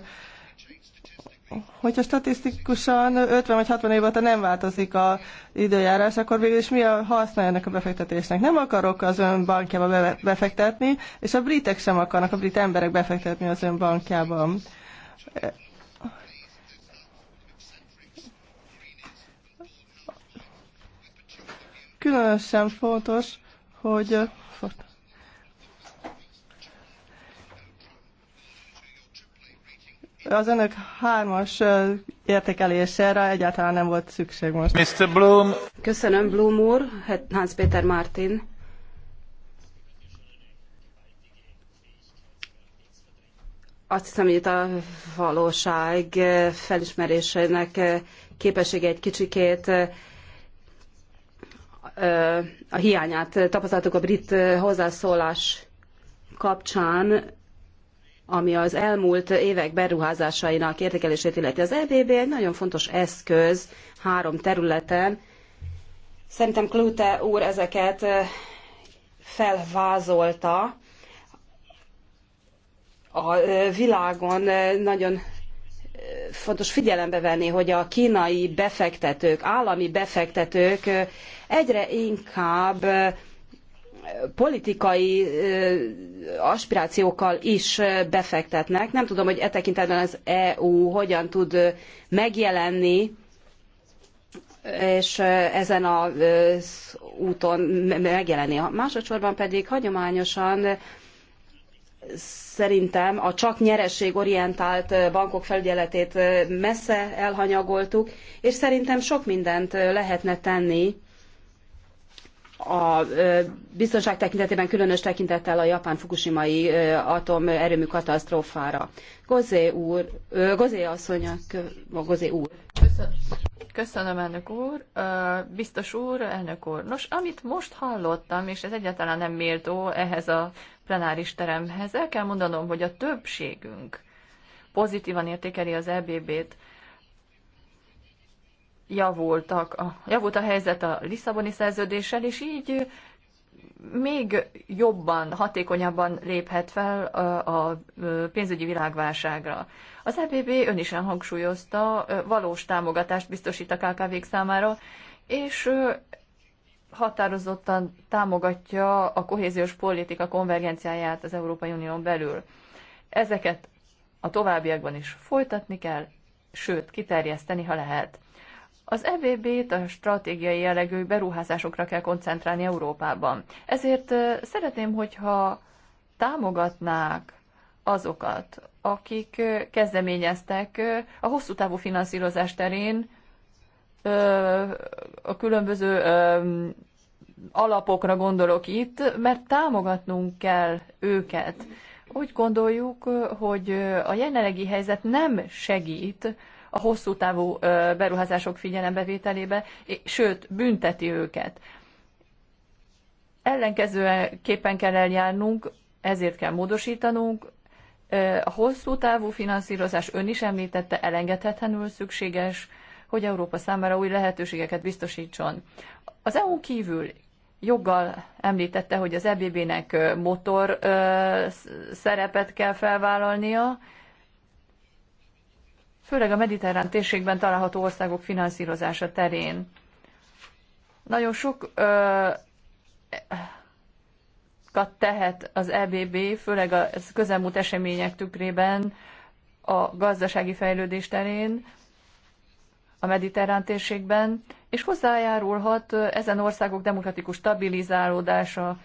Hogyha statisztikusan 50 vagy 60 év óta nem változik az időjárás, akkor végül is mi a haszna ennek a befektetésnek? Nem akarok az ön bankjába befektetni, és a britek sem akarnak a brit emberek befektetni az ön bankjában Különösen fontos, hogy az önök hármas erre egyáltalán nem volt szükség most. Mr. Bloom. Köszönöm, Bloom úr, Hans Péter Martin. Azt hiszem, hogy itt a valóság felismerésének képessége egy kicsikét a hiányát tapasztaltuk a brit hozzászólás kapcsán, ami az elmúlt évek beruházásainak értékelését illeti. Az EBB egy nagyon fontos eszköz három területen. Szerintem Klute úr ezeket felvázolta. A világon nagyon fontos figyelembe venni, hogy a kínai befektetők, állami befektetők egyre inkább politikai aspirációkkal is befektetnek. Nem tudom, hogy e tekintetben az EU hogyan tud megjelenni, és ezen az úton megjelenni. Másodszorban pedig hagyományosan szerintem a csak nyereségorientált bankok felügyeletét messze elhanyagoltuk, és szerintem sok mindent lehetne tenni a biztonság tekintetében különös tekintettel a japán fukushimai atomerőmű katasztrófára. Gozé úr, Gozé asszony, Gozé úr. Köszönöm, köszönöm, elnök úr, biztos úr, elnök úr. Nos, amit most hallottam, és ez egyáltalán nem méltó ehhez a plenáris teremhez. El kell mondanom, hogy a többségünk pozitívan értékeli az EBB-t, javultak a, javult a helyzet a Lisszaboni szerződéssel, és így még jobban, hatékonyabban léphet fel a, a pénzügyi világválságra. Az EBB ön is elhangsúlyozta, valós támogatást biztosít a kkv számára, és határozottan támogatja a kohéziós politika konvergenciáját az Európai Unión belül. Ezeket a továbbiakban is folytatni kell, sőt, kiterjeszteni, ha lehet. Az EVB-t a stratégiai jellegű beruházásokra kell koncentrálni Európában. Ezért szeretném, hogyha támogatnák azokat, akik kezdeményeztek a hosszú távú finanszírozás terén a különböző alapokra gondolok itt, mert támogatnunk kell őket. Úgy gondoljuk, hogy a jelenlegi helyzet nem segít a hosszú távú beruházások figyelembevételébe, sőt, bünteti őket. Ellenkezőképpen kell eljárnunk, ezért kell módosítanunk. A hosszú távú finanszírozás ön is említette, elengedhetetlenül szükséges, hogy Európa számára új lehetőségeket biztosítson. Az EU kívül joggal említette, hogy az EBB-nek motor szerepet kell felvállalnia, főleg a mediterrán térségben található országok finanszírozása terén. Nagyon sok kat tehet az EBB, főleg a közelmúlt események tükrében a gazdasági fejlődés terén, a mediterrán térségben, és hozzájárulhat ezen országok demokratikus stabilizálódása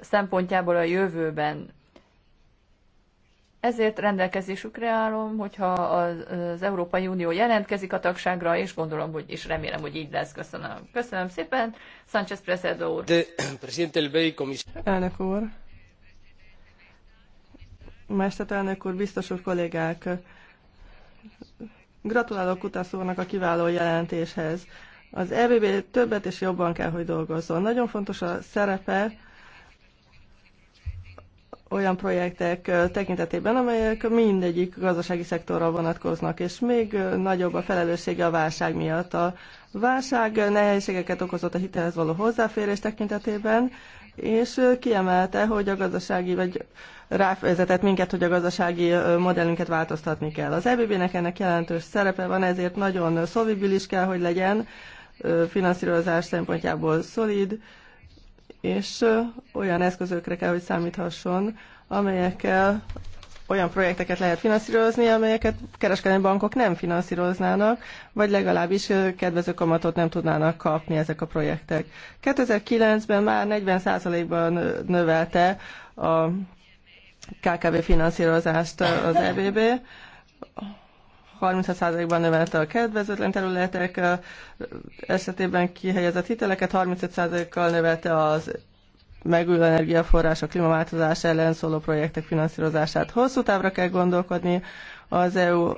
szempontjából a jövőben. Ezért rendelkezésükre állom, hogyha az Európai Unió jelentkezik a tagságra, és gondolom, hogy, és remélem, hogy így lesz. Köszönöm. Köszönöm szépen. Sánchez Presedo úr. De, eh, Elnök úr. elnök úr, biztos úr kollégák. Gratulálok Kutász a kiváló jelentéshez. Az EBB többet és jobban kell, hogy dolgozzon. Nagyon fontos a szerepe olyan projektek tekintetében, amelyek mindegyik gazdasági szektorra vonatkoznak, és még nagyobb a felelőssége a válság miatt. A válság nehézségeket okozott a hitelhez való hozzáférés tekintetében, és kiemelte, hogy a gazdasági vagy rávezetett minket, hogy a gazdasági modellünket változtatni kell. Az EBB-nek ennek jelentős szerepe van, ezért nagyon is kell, hogy legyen, finanszírozás szempontjából szolid, és olyan eszközökre kell, hogy számíthasson, amelyekkel olyan projekteket lehet finanszírozni, amelyeket kereskedelmi bankok nem finanszíroznának, vagy legalábbis kedvező kamatot nem tudnának kapni ezek a projektek. 2009-ben már 40%-ban növelte a KKV finanszírozást az EBB. 30 ban növelte a kedvezőtlen területek esetében kihelyezett hiteleket, 35%-kal növelte az megújuló energiaforrások, klímaváltozás ellen szóló projektek finanszírozását. Hosszú távra kell gondolkodni, az EU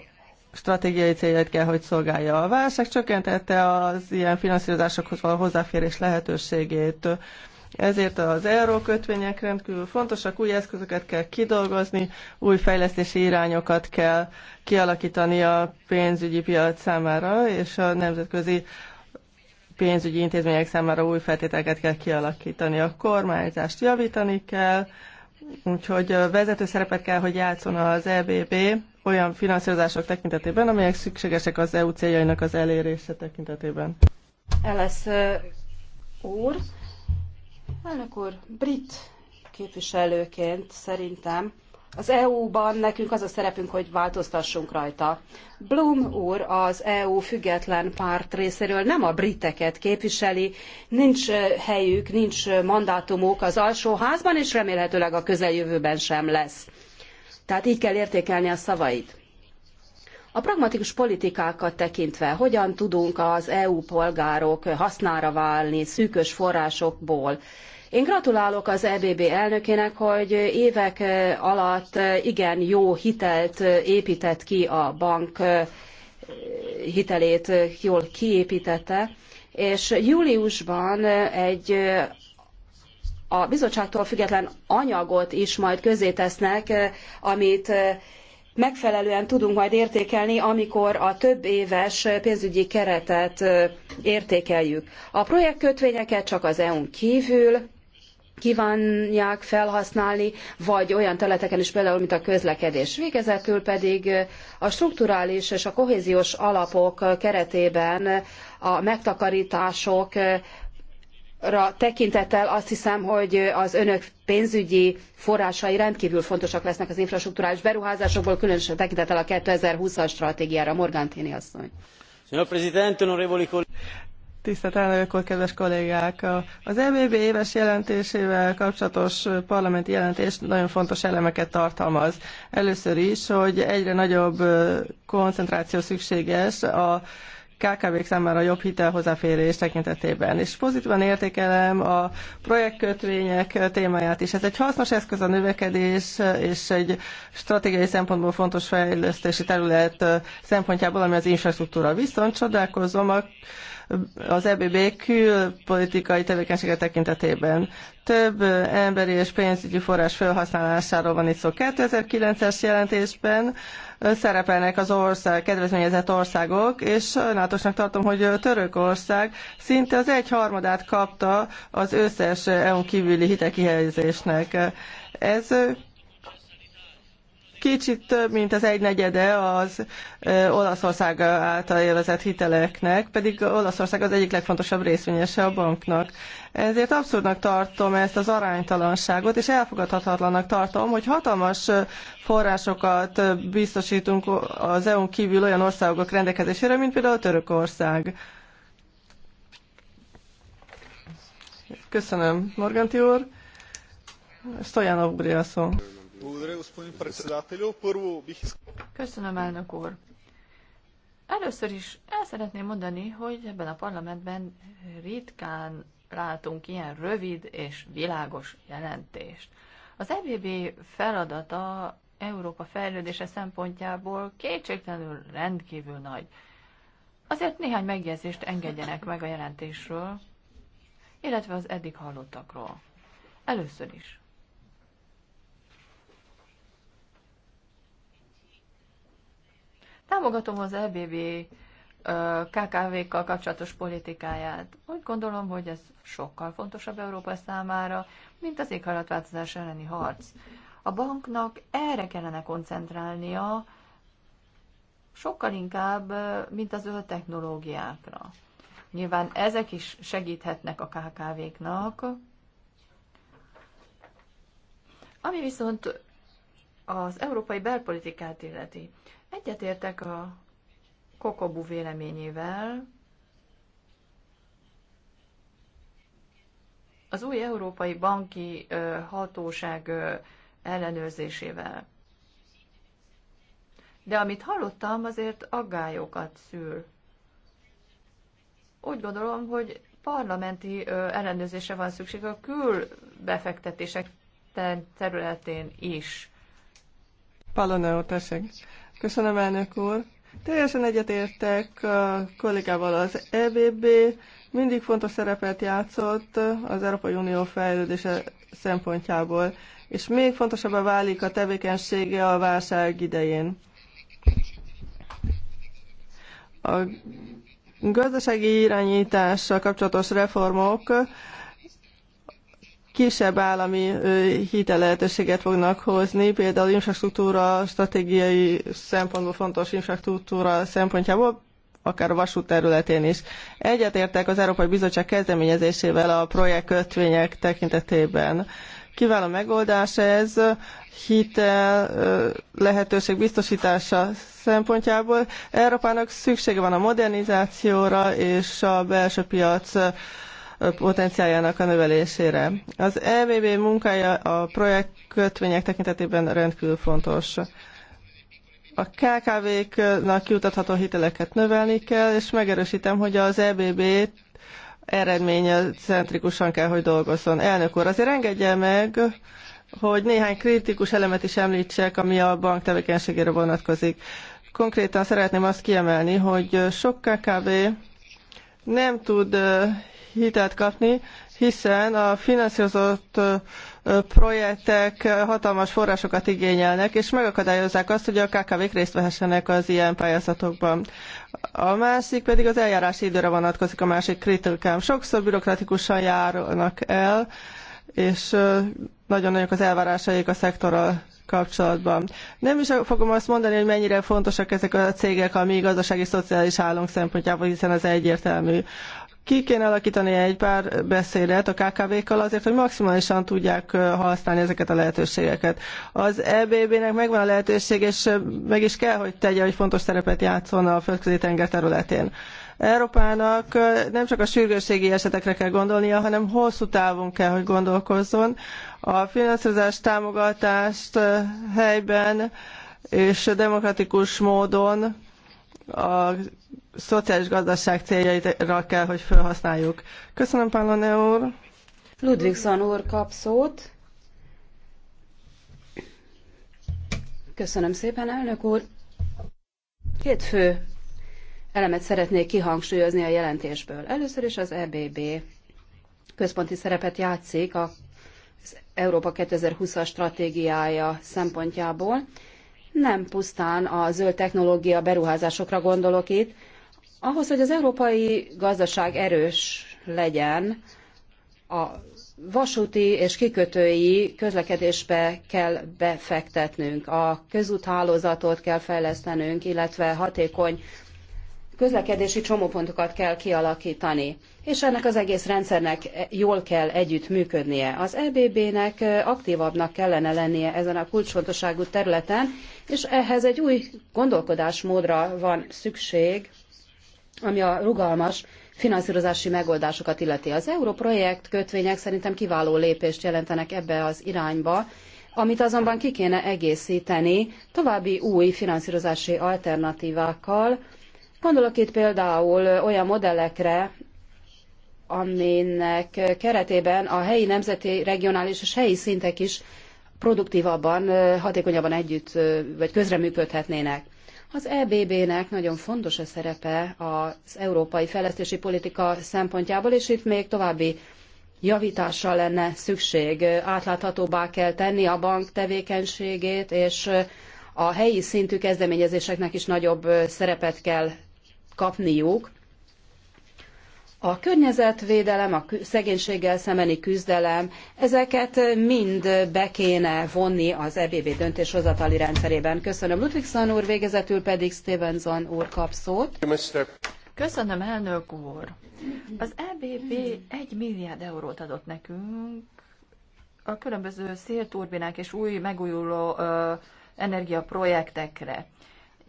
stratégiai céljait kell, hogy szolgálja. A válság csökkentette az ilyen finanszírozásokhoz való hozzáférés lehetőségét. Ezért az kötvények rendkívül fontosak, új eszközöket kell kidolgozni, új fejlesztési irányokat kell kialakítani a pénzügyi piac számára, és a nemzetközi pénzügyi intézmények számára új feltételeket kell kialakítani. A kormányzást javítani kell, úgyhogy vezető szerepet kell, hogy játszon az EBB olyan finanszírozások tekintetében, amelyek szükségesek az EU céljainak az elérése tekintetében. Elesz úr, Elnök úr, brit képviselőként szerintem az EU-ban nekünk az a szerepünk, hogy változtassunk rajta. Bloom úr az EU független párt részéről nem a briteket képviseli, nincs helyük, nincs mandátumuk az alsó házban és remélhetőleg a közeljövőben sem lesz. Tehát így kell értékelni a szavait. A pragmatikus politikákat tekintve hogyan tudunk az EU polgárok hasznára válni szűkös forrásokból, én gratulálok az EBB elnökének, hogy évek eh, alatt eh, igen jó hitelt eh, épített ki a bank, hitelét jól kiépítette, és júliusban egy a bizottságtól független anyagot is majd közzétesznek, amit megfelelően tudunk majd értékelni, amikor a több éves pénzügyi keretet értékeljük. A projektkötvényeket csak az EU-n kívül kívánják felhasználni, vagy olyan területeken is például, mint a közlekedés. Végezetül pedig a strukturális és a kohéziós alapok keretében a megtakarítások tekintettel azt hiszem, hogy az önök pénzügyi forrásai rendkívül fontosak lesznek az infrastrukturális beruházásokból, különösen tekintettel a 2020-as stratégiára. Morgantini asszony. Tisztelt elnök úr, kedves kollégák! Az EBB éves jelentésével kapcsolatos parlamenti jelentés nagyon fontos elemeket tartalmaz. Először is, hogy egyre nagyobb koncentráció szükséges a KKV-k számára jobb hozzáférés tekintetében. És pozitívan értékelem a projektkötvények témáját is. Ez egy hasznos eszköz a növekedés, és egy stratégiai szempontból fontos fejlesztési terület szempontjából, ami az infrastruktúra. Viszont csodálkozom a az EBB külpolitikai tevékenysége tekintetében. Több emberi és pénzügyi forrás felhasználásáról van itt szó. 2009-es jelentésben szerepelnek az ország, kedvezményezett országok, és sajnálatosnak tartom, hogy Törökország szinte az egyharmadát kapta az összes EU-n kívüli hitekihelyezésnek. Ez kicsit több, mint az egynegyede az Olaszország által élvezett hiteleknek, pedig Olaszország az egyik legfontosabb részvényese a banknak. Ezért abszurdnak tartom ezt az aránytalanságot, és elfogadhatatlannak tartom, hogy hatalmas forrásokat biztosítunk az EU-n kívül olyan országok rendelkezésére, mint például Törökország. Köszönöm, Morganti úr. Stojanov Briasov. Köszönöm, elnök úr. Először is el szeretném mondani, hogy ebben a parlamentben ritkán látunk ilyen rövid és világos jelentést. Az EBB feladata Európa fejlődése szempontjából kétségtelenül rendkívül nagy. Azért néhány megjegyzést engedjenek meg a jelentésről, illetve az eddig hallottakról. Először is. Támogatom az EBB KKV-kkal kapcsolatos politikáját. Úgy gondolom, hogy ez sokkal fontosabb Európa számára, mint az éghajlatváltozás elleni harc. A banknak erre kellene koncentrálnia, sokkal inkább, mint az zöld technológiákra. Nyilván ezek is segíthetnek a KKV-knak, ami viszont az európai belpolitikát illeti. Egyetértek a Kokobu véleményével. Az új Európai Banki Hatóság ellenőrzésével. De amit hallottam, azért aggályokat szül. Úgy gondolom, hogy parlamenti ellenőrzése van szükség a külbefektetések területén is. Palona tessék. Köszönöm, elnök úr. Teljesen egyetértek a kollégával az EBB. Mindig fontos szerepet játszott az Európai Unió fejlődése szempontjából, és még fontosabbá válik a tevékenysége a válság idején. A gazdasági irányítással kapcsolatos reformok kisebb állami hitellehetőséget fognak hozni, például infrastruktúra stratégiai szempontból fontos infrastruktúra szempontjából, akár a vasút területén is. Egyetértek az Európai Bizottság kezdeményezésével a projektkötvények tekintetében. Kiváló megoldás ez, hitel lehetőség biztosítása szempontjából. Európának szüksége van a modernizációra és a belső piac potenciáljának a növelésére. Az EVB munkája a projekt kötvények tekintetében rendkívül fontos. A KKV-knak jutatható hiteleket növelni kell, és megerősítem, hogy az EBB eredménye centrikusan kell, hogy dolgozzon. Elnök úr, azért engedje meg, hogy néhány kritikus elemet is említsek, ami a bank tevékenységére vonatkozik. Konkrétan szeretném azt kiemelni, hogy sok KKV nem tud eh, hitelt kapni, hiszen a finanszírozott projektek hatalmas forrásokat igényelnek, és megakadályozzák azt, hogy a KKV-k részt vehessenek az ilyen pályázatokban. A másik pedig az eljárási időre vonatkozik a másik kritikám. Sokszor bürokratikusan járnak el, és nagyon nagyok az elvárásaik a szektorral kapcsolatban. Nem is fogom azt mondani, hogy mennyire fontosak ezek a cégek a mi gazdasági szociális állunk szempontjából, hiszen ez egyértelmű ki kéne alakítani egy pár beszédet a KKV-kkal azért, hogy maximálisan tudják használni ezeket a lehetőségeket. Az EBB-nek megvan a lehetőség, és meg is kell, hogy tegye, hogy fontos szerepet játszon a földközi tenger területén. Európának nem csak a sürgősségi esetekre kell gondolnia, hanem hosszú távon kell, hogy gondolkozzon. A finanszírozás támogatást helyben és demokratikus módon a szociális gazdaság céljaira kell, hogy felhasználjuk. Köszönöm, Pálone úr. Ludvigson úr kap szót. Köszönöm szépen, elnök úr. Két fő elemet szeretnék kihangsúlyozni a jelentésből. Először is az EBB központi szerepet játszik az Európa 2020-as stratégiája szempontjából. Nem pusztán a zöld technológia beruházásokra gondolok itt, ahhoz, hogy az európai gazdaság erős legyen, a vasúti és kikötői közlekedésbe kell befektetnünk, a közúthálózatot kell fejlesztenünk, illetve hatékony közlekedési csomópontokat kell kialakítani, és ennek az egész rendszernek jól kell együtt működnie. Az EBB-nek aktívabbnak kellene lennie ezen a kulcsfontosságú területen, és ehhez egy új gondolkodásmódra van szükség, ami a rugalmas finanszírozási megoldásokat illeti. Az Europrojekt kötvények szerintem kiváló lépést jelentenek ebbe az irányba, amit azonban ki kéne egészíteni további új finanszírozási alternatívákkal. Gondolok itt például olyan modellekre, aminek keretében a helyi, nemzeti, regionális és helyi szintek is produktívabban, hatékonyabban együtt vagy közreműködhetnének. Az EBB-nek nagyon fontos a szerepe az európai fejlesztési politika szempontjából, és itt még további javításra lenne szükség. Átláthatóbbá kell tenni a bank tevékenységét, és a helyi szintű kezdeményezéseknek is nagyobb szerepet kell kapniuk a környezetvédelem, a szegénységgel szembeni küzdelem, ezeket mind be kéne vonni az EBB döntéshozatali rendszerében. Köszönöm Ludvigson úr, végezetül pedig Stevenson úr kap szót. Köszönöm, elnök úr. Az EBB egy milliárd eurót adott nekünk a különböző szélturbinák és új megújuló ö, energiaprojektekre.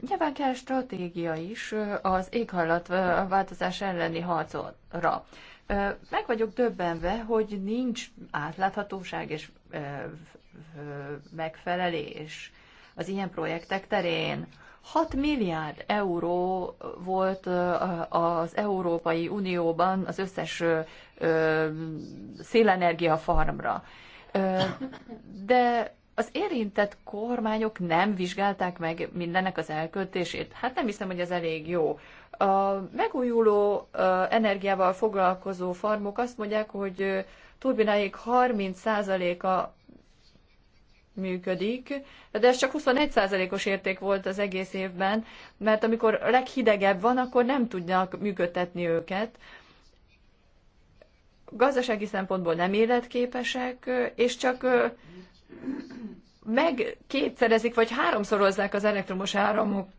Nyilván kell stratégia is az éghajlatváltozás elleni harcra. Meg vagyok döbbenve, hogy nincs átláthatóság és megfelelés az ilyen projektek terén. 6 milliárd euró volt az Európai Unióban az összes szélenergia farmra. De az érintett kormányok nem vizsgálták meg mindennek az elköltését. Hát nem hiszem, hogy ez elég jó. A megújuló energiával foglalkozó farmok azt mondják, hogy turbináik 30%-a működik, de ez csak 21%-os érték volt az egész évben, mert amikor leghidegebb van, akkor nem tudnak működtetni őket. Gazdasági szempontból nem életképesek, és csak meg kétszerezik, vagy háromszorozzák az elektromos áramok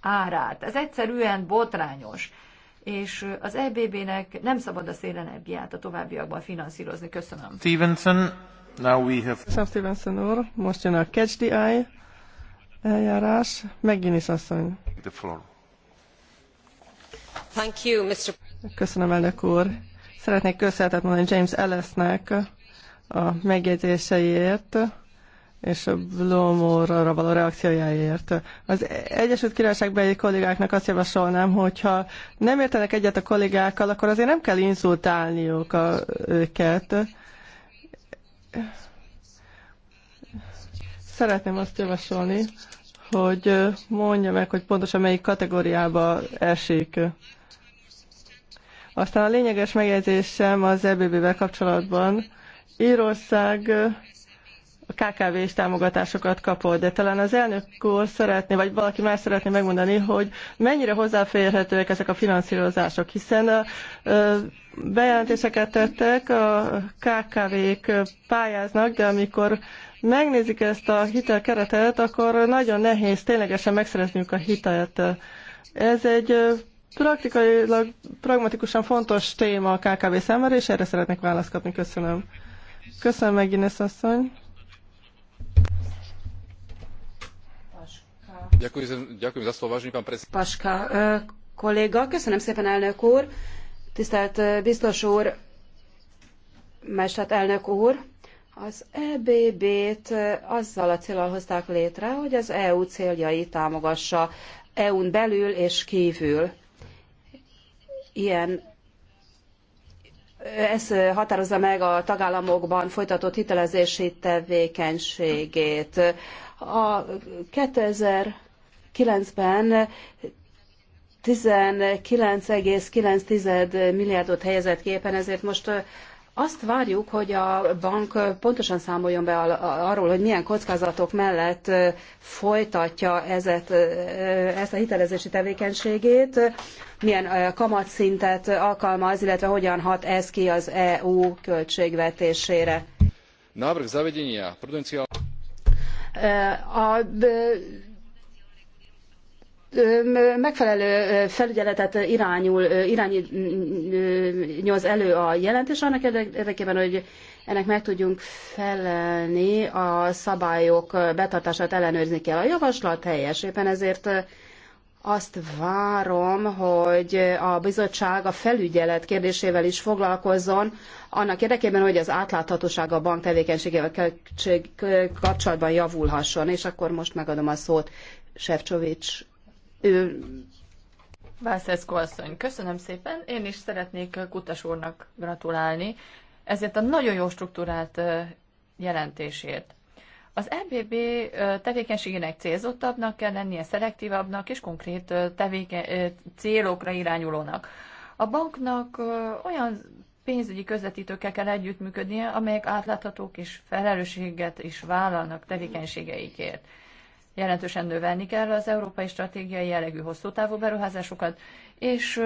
árát. Ez egyszerűen botrányos. És az EBB-nek nem szabad a szélenergiát a továbbiakban finanszírozni. Köszönöm. Stevenson, now we have... Köszönöm, Stevenson úr. Most jön a Catch the Eye eljárás. Megginis asszony. The floor. Thank you, Mr. Köszönöm, elnök úr. Szeretnék köszönetet mondani James Ellisnek, a megjegyzéseiért és Blomor arra való reakciójáért. Az Egyesült Királyságbeli kollégáknak azt javasolnám, hogyha nem értenek egyet a kollégákkal, akkor azért nem kell insultálniuk a, őket. Szeretném azt javasolni, hogy mondja meg, hogy pontosan melyik kategóriába esik. Aztán a lényeges megjegyzésem az EBB-vel kapcsolatban, Írország a kkv és támogatásokat kapott, de talán az elnök úr szeretné, vagy valaki más szeretné megmondani, hogy mennyire hozzáférhetőek ezek a finanszírozások, hiszen a, bejelentéseket tettek, a KKV-k pályáznak, de amikor megnézik ezt a hitelkeretet, akkor nagyon nehéz ténylegesen megszerezniük a hitelt. Ez egy praktikailag, pragmatikusan fontos téma a KKV számára, és erre szeretnék választ kapni. Köszönöm. Köszönöm meg, Ines asszony. Paska eh, kolléga, köszönöm szépen elnök úr, tisztelt eh, biztos úr, mestert elnök úr. Az EBB-t eh, azzal a célral hozták létre, hogy az EU céljai támogassa EU-n belül és kívül. Ilyen ez határozza meg a tagállamokban folytatott hitelezési tevékenységét. A 2009-ben 19,9 milliárdot helyezett képen, ezért most azt várjuk, hogy a bank pontosan számoljon be arról, hogy milyen kockázatok mellett folytatja ezet, ezt a hitelezési tevékenységét, milyen kamatszintet alkalmaz, illetve hogyan hat ez ki az EU költségvetésére. Návrh zavedenia prudenciál... A megfelelő felügyeletet irányul, irányoz elő a jelentés annak érdekében, hogy ennek meg tudjunk felelni, a szabályok betartását ellenőrizni kell. A javaslat helyes, éppen ezért azt várom, hogy a bizottság a felügyelet kérdésével is foglalkozzon, annak érdekében, hogy az átláthatóság a bank tevékenységével kapcsolatban javulhasson, és akkor most megadom a szót Sefcsovics ő... Vászeszko asszony, köszönöm szépen. Én is szeretnék Kutas úrnak gratulálni ezért a nagyon jó struktúrált jelentését. Az RBB tevékenységének célzottabbnak kell lennie, szelektívabbnak és konkrét tevéke- célokra irányulónak. A banknak olyan pénzügyi közvetítőkkel kell együttműködnie, amelyek átláthatók és felelősséget is vállalnak tevékenységeikért jelentősen növelni kell az európai stratégiai jellegű hosszú távú beruházásokat, és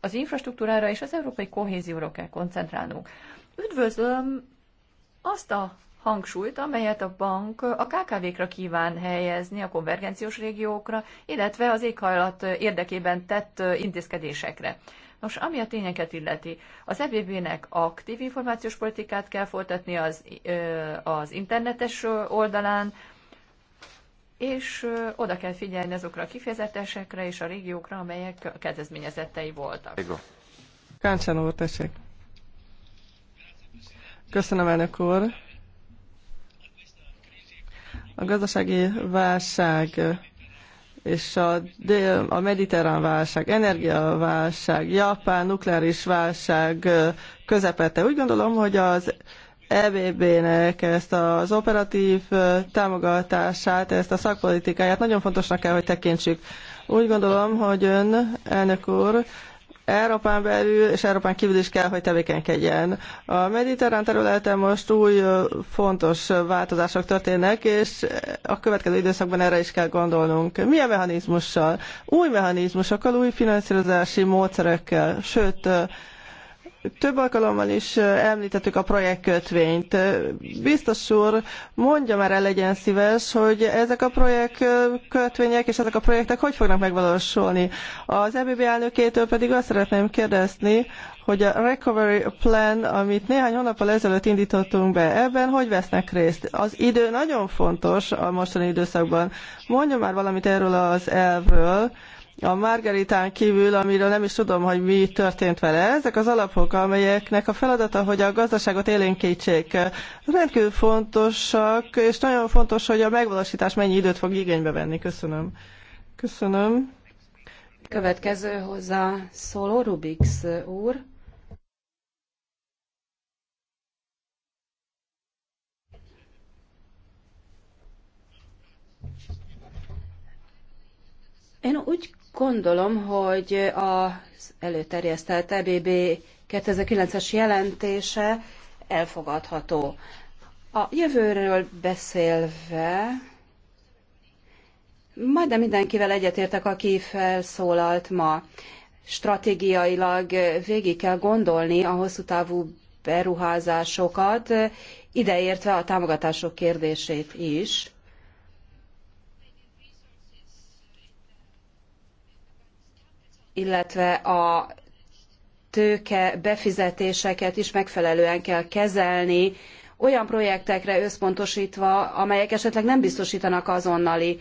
az infrastruktúrára és az európai kohézióra kell koncentrálnunk. Üdvözlöm azt a hangsúlyt, amelyet a bank a KKV-kra kíván helyezni, a konvergenciós régiókra, illetve az éghajlat érdekében tett intézkedésekre. Nos, ami a tényeket illeti, az EBB-nek aktív információs politikát kell folytatni az, az internetes oldalán, és oda kell figyelni azokra a kifejezetesekre és a régiókra, amelyek kedvezményezettei voltak. Káncsán úr, tessék. Köszönöm, elnök úr. A gazdasági válság és a, dél, a mediterrán válság, energiaválság, Japán nukleáris válság közepette. Úgy gondolom, hogy az EBB-nek ezt az operatív támogatását, ezt a szakpolitikáját nagyon fontosnak kell, hogy tekintsük. Úgy gondolom, hogy ön, elnök úr, Európán belül és Európán kívül is kell, hogy tevékenykedjen. A mediterrán területen most új fontos változások történnek, és a következő időszakban erre is kell gondolnunk. Milyen mechanizmussal? Új mechanizmusokkal, új finanszírozási módszerekkel, sőt, több alkalommal is említettük a projektkötvényt. Biztos úr, mondja már el, legyen szíves, hogy ezek a projektkötvények és ezek a projektek hogy fognak megvalósulni. Az EBB elnökétől pedig azt szeretném kérdezni, hogy a Recovery Plan, amit néhány hónappal ezelőtt indítottunk be, ebben hogy vesznek részt? Az idő nagyon fontos a mostani időszakban. Mondja már valamit erről az elvről, a Margaritán kívül, amiről nem is tudom, hogy mi történt vele, ezek az alapok, amelyeknek a feladata, hogy a gazdaságot élénkítsék, rendkívül fontosak, és nagyon fontos, hogy a megvalósítás mennyi időt fog igénybe venni. Köszönöm. Köszönöm. Következő hozzá szóló Rubix úr. Én úgy gondolom, hogy az előterjesztett EBB 2009-es jelentése elfogadható. A jövőről beszélve, majdnem mindenkivel egyetértek, aki felszólalt ma. Stratégiailag végig kell gondolni a hosszú távú beruházásokat, ideértve a támogatások kérdését is. illetve a tőke befizetéseket is megfelelően kell kezelni, olyan projektekre összpontosítva, amelyek esetleg nem biztosítanak azonnali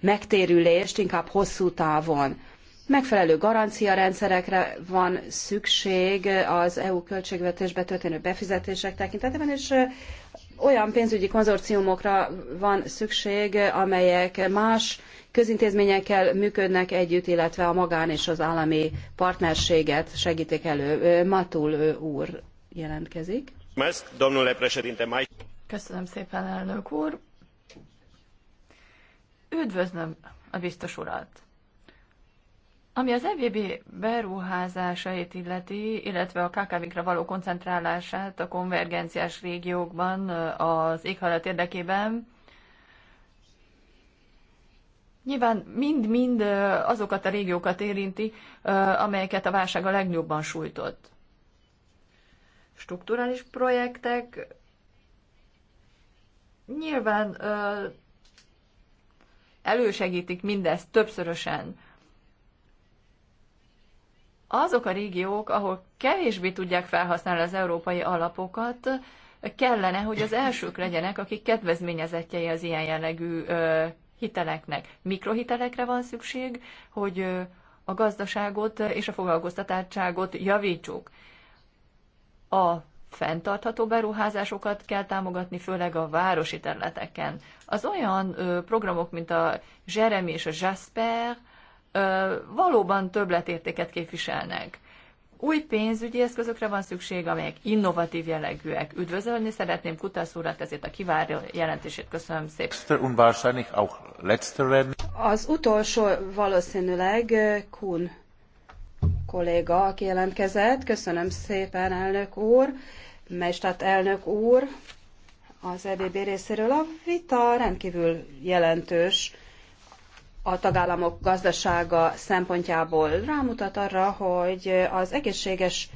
megtérülést, inkább hosszú távon. Megfelelő garanciarendszerekre van szükség az EU költségvetésbe történő befizetések tekintetében, és olyan pénzügyi konzorciumokra van szükség, amelyek más közintézményekkel működnek együtt, illetve a magán és az állami partnerséget segítik elő. Matul úr jelentkezik. Köszönöm szépen, elnök úr. Üdvözlöm a biztos urat. Ami az EVB beruházásait illeti, illetve a KKV-kra való koncentrálását a konvergenciás régiókban az éghajlat érdekében, nyilván mind-mind azokat a régiókat érinti, amelyeket a válság a legjobban sújtott. Strukturális projektek nyilván elősegítik mindezt többszörösen. Azok a régiók, ahol kevésbé tudják felhasználni az európai alapokat, kellene, hogy az elsők legyenek, akik kedvezményezettjei az ilyen jellegű hiteleknek. Mikrohitelekre van szükség, hogy a gazdaságot és a foglalkoztatátságot javítsuk. A fenntartható beruházásokat kell támogatni, főleg a városi területeken. Az olyan programok, mint a Jeremy és a Jasper valóban többletértéket képviselnek új pénzügyi eszközökre van szükség, amelyek innovatív jellegűek. Üdvözölni szeretném Kutasz urat ezért a kiváló jelentését. Köszönöm szépen. Az utolsó valószínűleg eh, Kun kolléga, aki jelentkezett. Köszönöm szépen, elnök úr, Mestat elnök úr az EBB részéről. A vita rendkívül jelentős a tagállamok gazdasága szempontjából rámutat arra, hogy az egészséges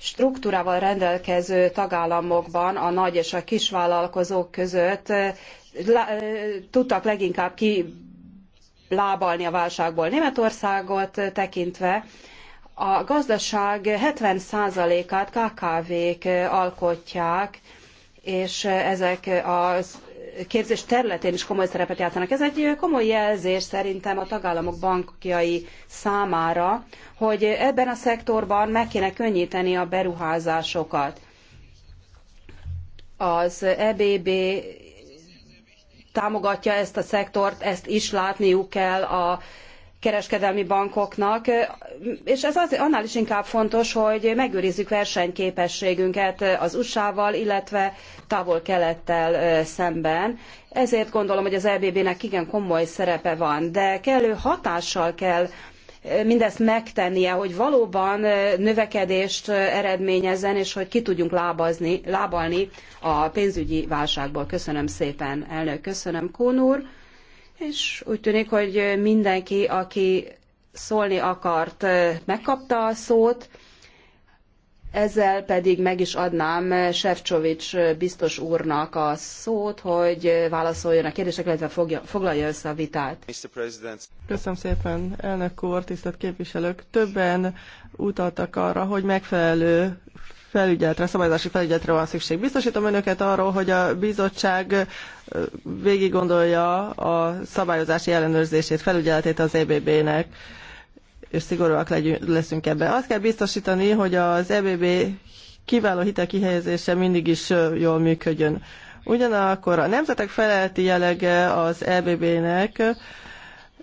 struktúrával rendelkező tagállamokban a nagy és a kis vállalkozók között tudtak leginkább kilábalni a válságból. Németországot tekintve a gazdaság 70%-át KKV-k alkotják, és ezek az képzés területén is komoly szerepet játszanak. Ez egy komoly jelzés szerintem a tagállamok bankjai számára, hogy ebben a szektorban meg kéne könnyíteni a beruházásokat. Az EBB támogatja ezt a szektort, ezt is látniuk kell a kereskedelmi bankoknak, és ez az, annál is inkább fontos, hogy megőrizzük versenyképességünket az USA-val, illetve távol-kelettel szemben. Ezért gondolom, hogy az EBB-nek igen komoly szerepe van, de kellő hatással kell mindezt megtennie, hogy valóban növekedést eredményezzen, és hogy ki tudjunk lábazni, lábalni a pénzügyi válságból. Köszönöm szépen, elnök, köszönöm, Kón úr és úgy tűnik, hogy mindenki, aki szólni akart, megkapta a szót, ezzel pedig meg is adnám Sefcsovics biztos úrnak a szót, hogy válaszoljon a kérdésekre, illetve foglalja össze a vitát. Köszönöm szépen, elnök úr, tisztelt képviselők. Többen utaltak arra, hogy megfelelő felügyeletre, szabályozási felügyeletre van szükség. Biztosítom önöket arról, hogy a bizottság végig gondolja a szabályozási ellenőrzését, felügyeletét az EBB-nek, és szigorúak leszünk ebben. Azt kell biztosítani, hogy az EBB kiváló hitel kihelyezése mindig is jól működjön. Ugyanakkor a nemzetek feleleti jellege az EBB-nek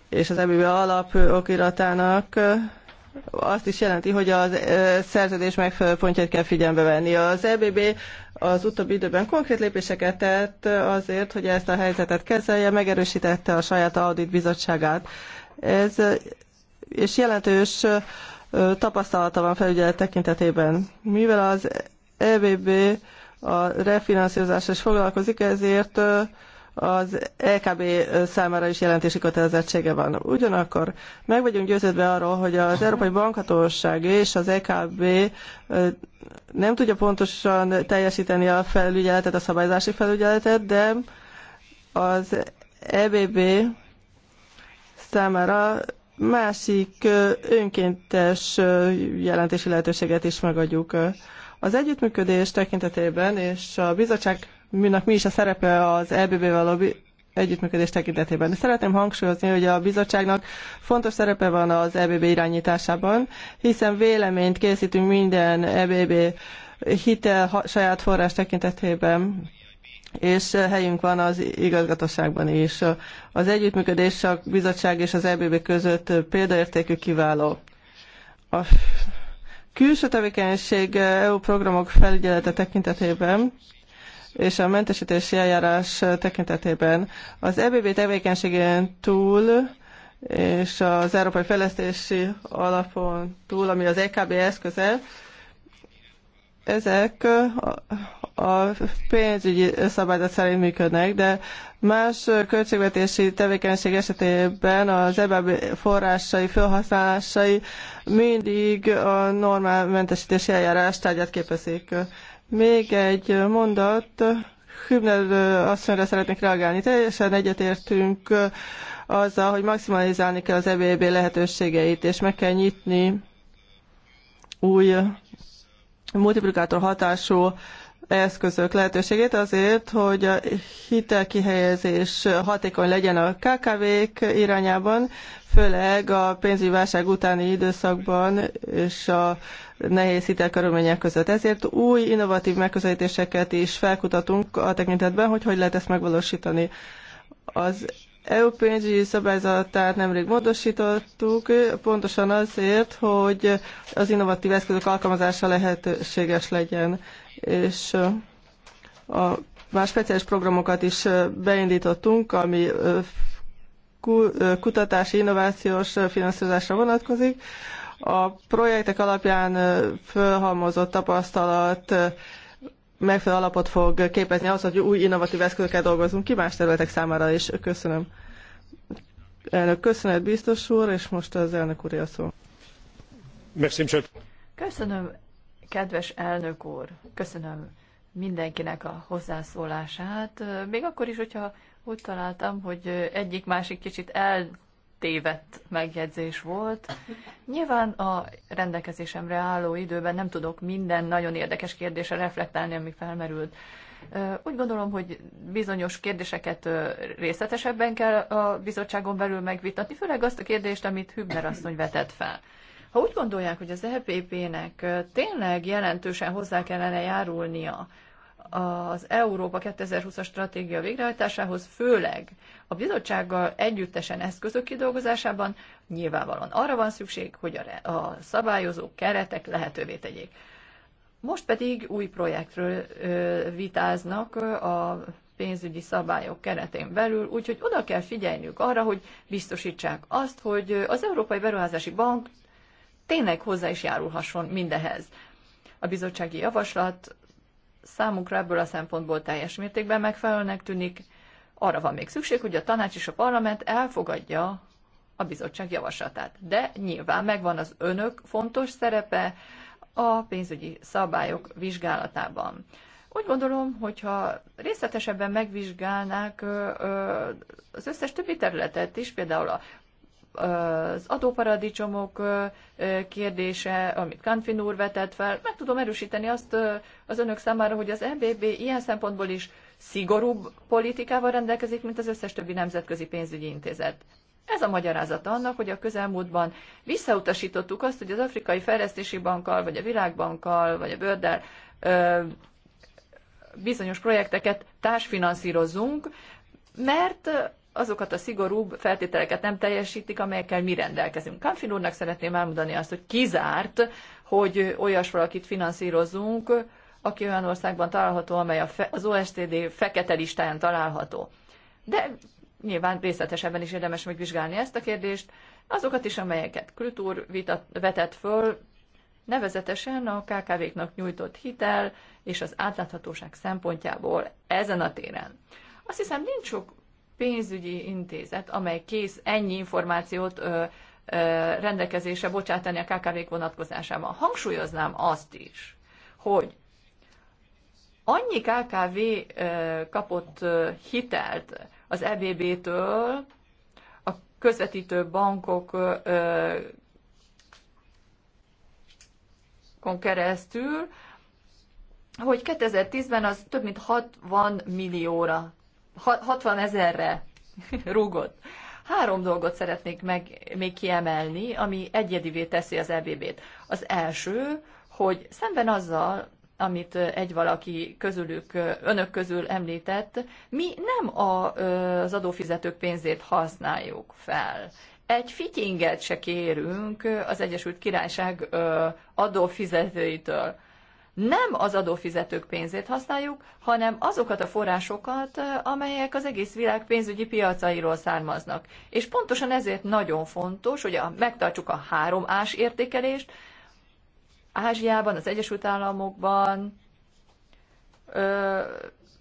és az EBB alapokiratának azt is jelenti, hogy a szerződés megfelelő pontját kell figyelembe venni. Az EBB az utóbbi időben konkrét lépéseket tett azért, hogy ezt a helyzetet kezelje, megerősítette a saját audit bizottságát. Ez és jelentős tapasztalata van felügyelet tekintetében. Mivel az EBB a refinanszírozásra is foglalkozik, ezért az LKB e számára is jelentési kötelezettsége van. Ugyanakkor meg vagyunk győződve arról, hogy az Európai Bankhatóság és az LKB e nem tudja pontosan teljesíteni a felügyeletet, a szabályzási felügyeletet, de az EBB számára másik önkéntes jelentési lehetőséget is megadjuk. Az együttműködés tekintetében és a bizottság minek mi is a szerepe az EBB-vel a együttműködés tekintetében. De szeretném hangsúlyozni, hogy a bizottságnak fontos szerepe van az EBB irányításában, hiszen véleményt készítünk minden EBB hitel saját forrás tekintetében és helyünk van az igazgatóságban is. Az együttműködés a bizottság és az EBB között példaértékű kiváló. A külső tevékenység EU programok felügyelete tekintetében és a mentesítési eljárás tekintetében. Az EBB tevékenységén túl és az Európai Fejlesztési Alapon túl, ami az EKB eszköze, ezek a pénzügyi szabályzat szerint működnek, de más költségvetési tevékenység esetében az EBB forrásai, felhasználásai mindig a normál mentesítési eljárás tárgyát képezik. Még egy mondat, Hübner asszonyra szeretnék reagálni. Teljesen egyetértünk azzal, hogy maximalizálni kell az EBB lehetőségeit, és meg kell nyitni új multiplikátor hatású eszközök lehetőségét azért, hogy a hitelkihelyezés hatékony legyen a KKV-k irányában, főleg a pénzügyi válság utáni időszakban és a nehéz hitelkörülmények között. Ezért új innovatív megközelítéseket is felkutatunk a tekintetben, hogy hogy lehet ezt megvalósítani. Az EU pénzügyi szabályzatát nemrég módosítottuk, pontosan azért, hogy az innovatív eszközök alkalmazása lehetőséges legyen és a már speciális programokat is beindítottunk, ami kutatási, innovációs finanszírozásra vonatkozik. A projektek alapján fölhalmozott tapasztalat megfelelő alapot fog képezni ahhoz, hogy új innovatív eszközökkel dolgozunk ki más területek számára és Köszönöm. Elnök, köszönet biztos úr, és most az elnök úr a szó. Köszönöm, Kedves elnök úr, köszönöm mindenkinek a hozzászólását, még akkor is, hogyha úgy találtam, hogy egyik-másik kicsit eltévedt megjegyzés volt. Nyilván a rendelkezésemre álló időben nem tudok minden nagyon érdekes kérdésre reflektálni, ami felmerült. Úgy gondolom, hogy bizonyos kérdéseket részletesebben kell a bizottságon belül megvitatni, főleg azt a kérdést, amit Hübner asszony vetett fel. Ha úgy gondolják, hogy az EPP-nek tényleg jelentősen hozzá kellene járulnia az Európa 2020-as stratégia végrehajtásához, főleg a bizottsággal együttesen eszközök kidolgozásában nyilvánvalóan arra van szükség, hogy a, a szabályozó keretek lehetővé tegyék. Most pedig új projektről ö, vitáznak a pénzügyi szabályok keretén belül, úgyhogy oda kell figyelnünk arra, hogy biztosítsák azt, hogy az Európai Beruházási Bank tényleg hozzá is járulhasson mindehez. A bizottsági javaslat számukra ebből a szempontból teljes mértékben megfelelőnek tűnik. Arra van még szükség, hogy a tanács és a parlament elfogadja a bizottság javaslatát. De nyilván megvan az önök fontos szerepe a pénzügyi szabályok vizsgálatában. Úgy gondolom, hogyha részletesebben megvizsgálnák az összes többi területet is, például a az adóparadicsomok kérdése, amit Kanfin úr vetett fel, meg tudom erősíteni azt az önök számára, hogy az EBB ilyen szempontból is szigorúbb politikával rendelkezik, mint az összes többi nemzetközi pénzügyi intézet. Ez a magyarázat annak, hogy a közelmúltban visszautasítottuk azt, hogy az Afrikai Fejlesztési Bankkal, vagy a Világbankkal, vagy a Bördel bizonyos projekteket társfinanszírozunk, mert azokat a szigorúbb feltételeket nem teljesítik, amelyekkel mi rendelkezünk. Kamfin úrnak szeretném elmondani azt, hogy kizárt, hogy olyas valakit finanszírozunk, aki olyan országban található, amely az OSTD fekete listáján található. De nyilván részletesebben is érdemes megvizsgálni ezt a kérdést, azokat is, amelyeket Krütúr vetett föl, nevezetesen a KKV-knak nyújtott hitel és az átláthatóság szempontjából ezen a téren. Azt hiszem, nincs sok pénzügyi intézet, amely kész ennyi információt ö, ö, rendelkezésre bocsátani a KKV-k vonatkozásában. Hangsúlyoznám azt is, hogy annyi KKV ö, kapott ö, hitelt az EBB-től, a közvetítő bankok ö, keresztül, hogy 2010-ben az több mint 60 millióra 60 ezerre rúgott. Három dolgot szeretnék meg, még kiemelni, ami egyedivé teszi az EBB-t. Az első, hogy szemben azzal, amit egy valaki közülük, önök közül említett, mi nem a, az adófizetők pénzét használjuk fel. Egy fityinget se kérünk az Egyesült Királyság adófizetőitől nem az adófizetők pénzét használjuk, hanem azokat a forrásokat, amelyek az egész világ pénzügyi piacairól származnak. És pontosan ezért nagyon fontos, hogy a, megtartsuk a három ás értékelést, Ázsiában, az Egyesült Államokban ö,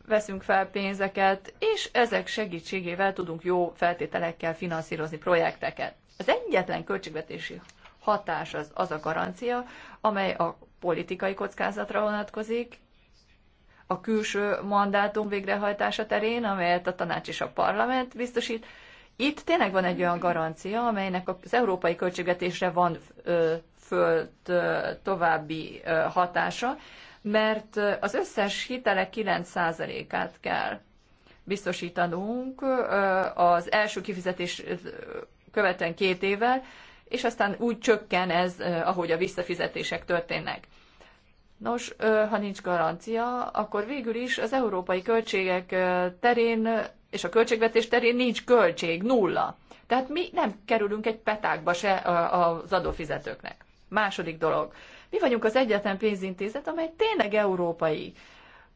veszünk fel pénzeket, és ezek segítségével tudunk jó feltételekkel finanszírozni projekteket. Az egyetlen költségvetési hatás az, az a garancia, amely a politikai kockázatra vonatkozik, a külső mandátum végrehajtása terén, amelyet a tanács és a parlament biztosít. Itt tényleg van egy olyan garancia, amelynek az európai költségvetésre van fölt föld további hatása, mert az összes hitelek 9%-át kell biztosítanunk az első kifizetés követően két évvel, és aztán úgy csökken ez, ahogy a visszafizetések történnek. Nos, ha nincs garancia, akkor végül is az európai költségek terén és a költségvetés terén nincs költség, nulla. Tehát mi nem kerülünk egy petákba se az adófizetőknek. Második dolog. Mi vagyunk az egyetlen pénzintézet, amely tényleg európai,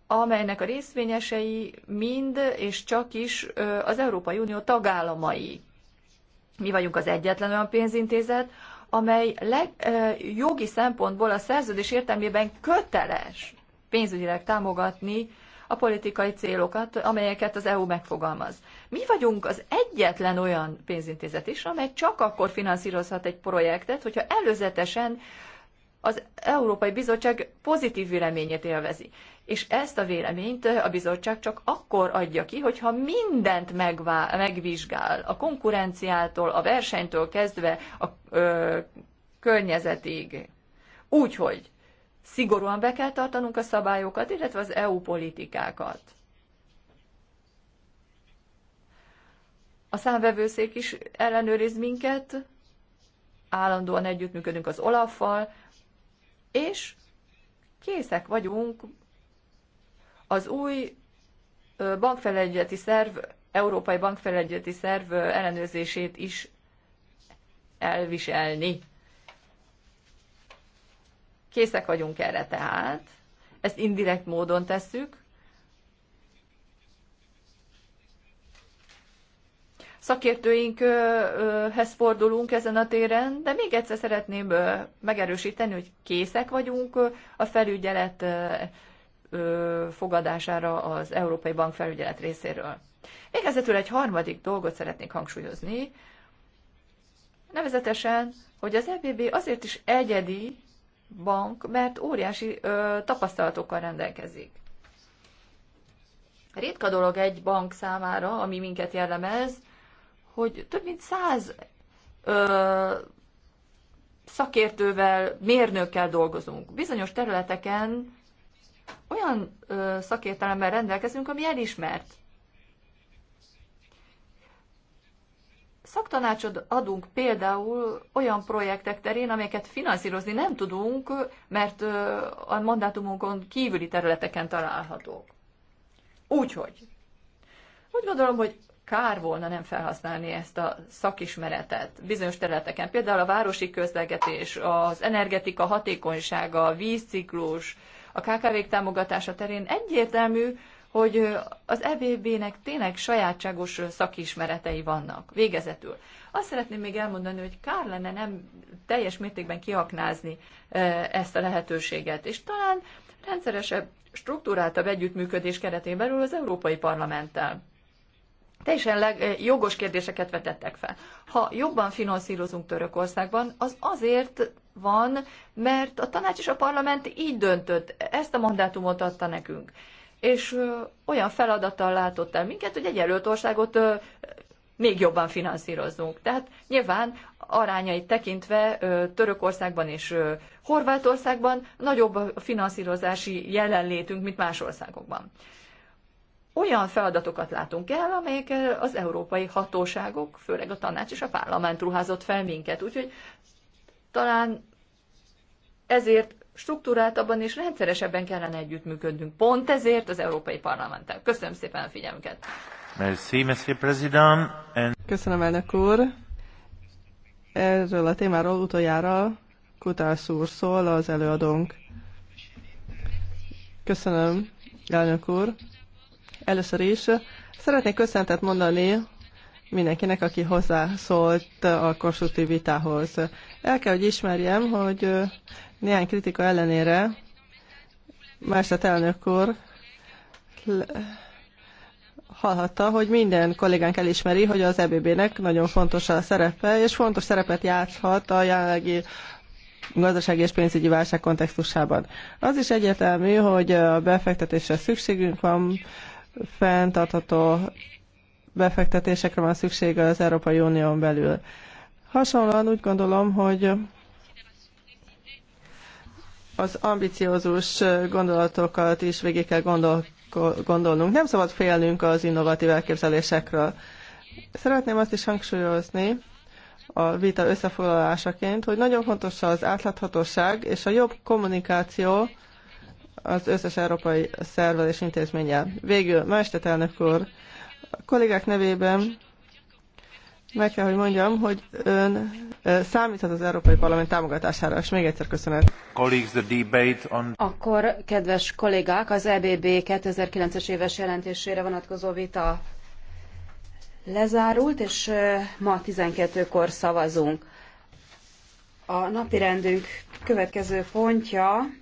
amelynek a részvényesei mind és csak is az Európai Unió tagállamai. Mi vagyunk az egyetlen olyan pénzintézet, amely leg, jogi szempontból a szerződés értelmében köteles pénzügyileg támogatni a politikai célokat, amelyeket az EU megfogalmaz. Mi vagyunk az egyetlen olyan pénzintézet is, amely csak akkor finanszírozhat egy projektet, hogyha előzetesen az Európai Bizottság pozitív véleményét élvezi. És ezt a véleményt a bizottság csak akkor adja ki, hogyha mindent megvá- megvizsgál, a konkurenciától, a versenytől kezdve a ö, környezetig. Úgyhogy szigorúan be kell tartanunk a szabályokat, illetve az EU politikákat. A számvevőszék is ellenőriz minket, állandóan együttműködünk az Olaffal, és készek vagyunk az új bankfelügyeleti szerv, európai bankfelügyeleti szerv ellenőrzését is elviselni. Készek vagyunk erre tehát, ezt indirekt módon tesszük, szakértőinkhez fordulunk ezen a téren, de még egyszer szeretném megerősíteni, hogy készek vagyunk a felügyelet fogadására az Európai Bank felügyelet részéről. Végezetül egy harmadik dolgot szeretnék hangsúlyozni, nevezetesen, hogy az EBB azért is egyedi bank, mert óriási ö, tapasztalatokkal rendelkezik. Ritka dolog egy bank számára, ami minket jellemez, hogy több mint száz ö, szakértővel, mérnökkel dolgozunk. Bizonyos területeken olyan ö, szakértelemmel rendelkezünk, ami elismert. Szaktanácsot adunk például olyan projektek terén, amelyeket finanszírozni nem tudunk, mert a mandátumunkon kívüli területeken találhatók. Úgyhogy. Úgy gondolom, hogy kár volna nem felhasználni ezt a szakismeretet bizonyos területeken. Például a városi közlekedés, az energetika hatékonysága, a vízciklus, a KKV-k támogatása terén egyértelmű, hogy az EBB-nek tényleg sajátságos szakismeretei vannak végezetül. Azt szeretném még elmondani, hogy kár lenne nem teljes mértékben kiaknázni e, ezt a lehetőséget, és talán rendszeresebb, struktúráltabb együttműködés keretén belül az Európai Parlamenttel teljesen leg, jogos kérdéseket vetettek fel. Ha jobban finanszírozunk Törökországban, az azért van, mert a tanács és a parlament így döntött, ezt a mandátumot adta nekünk. És ö, olyan feladattal látott el minket, hogy egy jelölt országot ö, még jobban finanszírozzunk. Tehát nyilván arányait tekintve Törökországban és Horvátországban nagyobb a finanszírozási jelenlétünk, mint más országokban olyan feladatokat látunk el, amelyek az európai hatóságok, főleg a tanács és a parlament ruházott fel minket. Úgyhogy talán ezért struktúráltabban és rendszeresebben kellene együttműködnünk. Pont ezért az Európai Parlamenttel. Köszönöm szépen a figyelmüket. Merci, Monsieur President. And... Köszönöm, elnök úr. Erről a témáról utoljára Kutász úr szól, az előadónk. Köszönöm, elnök úr. Először is szeretnék köszöntet mondani mindenkinek, aki hozzászólt a konstruktív vitához. El kell, hogy ismerjem, hogy néhány kritika ellenére Másnap elnök úr hallhatta, hogy minden kollégánk elismeri, hogy az EBB-nek nagyon fontos a szerepe, és fontos szerepet játszhat a jelenlegi gazdasági és pénzügyi válság kontextusában. Az is egyértelmű, hogy a befektetésre szükségünk van, fenntartható befektetésekre van szükség az Európai Unión belül. Hasonlóan úgy gondolom, hogy az ambiciózus gondolatokat is végig kell gondol, gondolnunk. Nem szabad félnünk az innovatív elképzelésekről. Szeretném azt is hangsúlyozni a vita összefoglalásaként, hogy nagyon fontos az átláthatóság és a jobb kommunikáció az összes európai szervezés és intézménnyel. Végül, ma este elnök úr, a kollégák nevében meg kell, hogy mondjam, hogy ön számíthat az Európai Parlament támogatására, és még egyszer köszönet. Akkor, kedves kollégák, az EBB 2009-es éves jelentésére vonatkozó vita lezárult, és ma 12-kor szavazunk. A napi rendünk következő pontja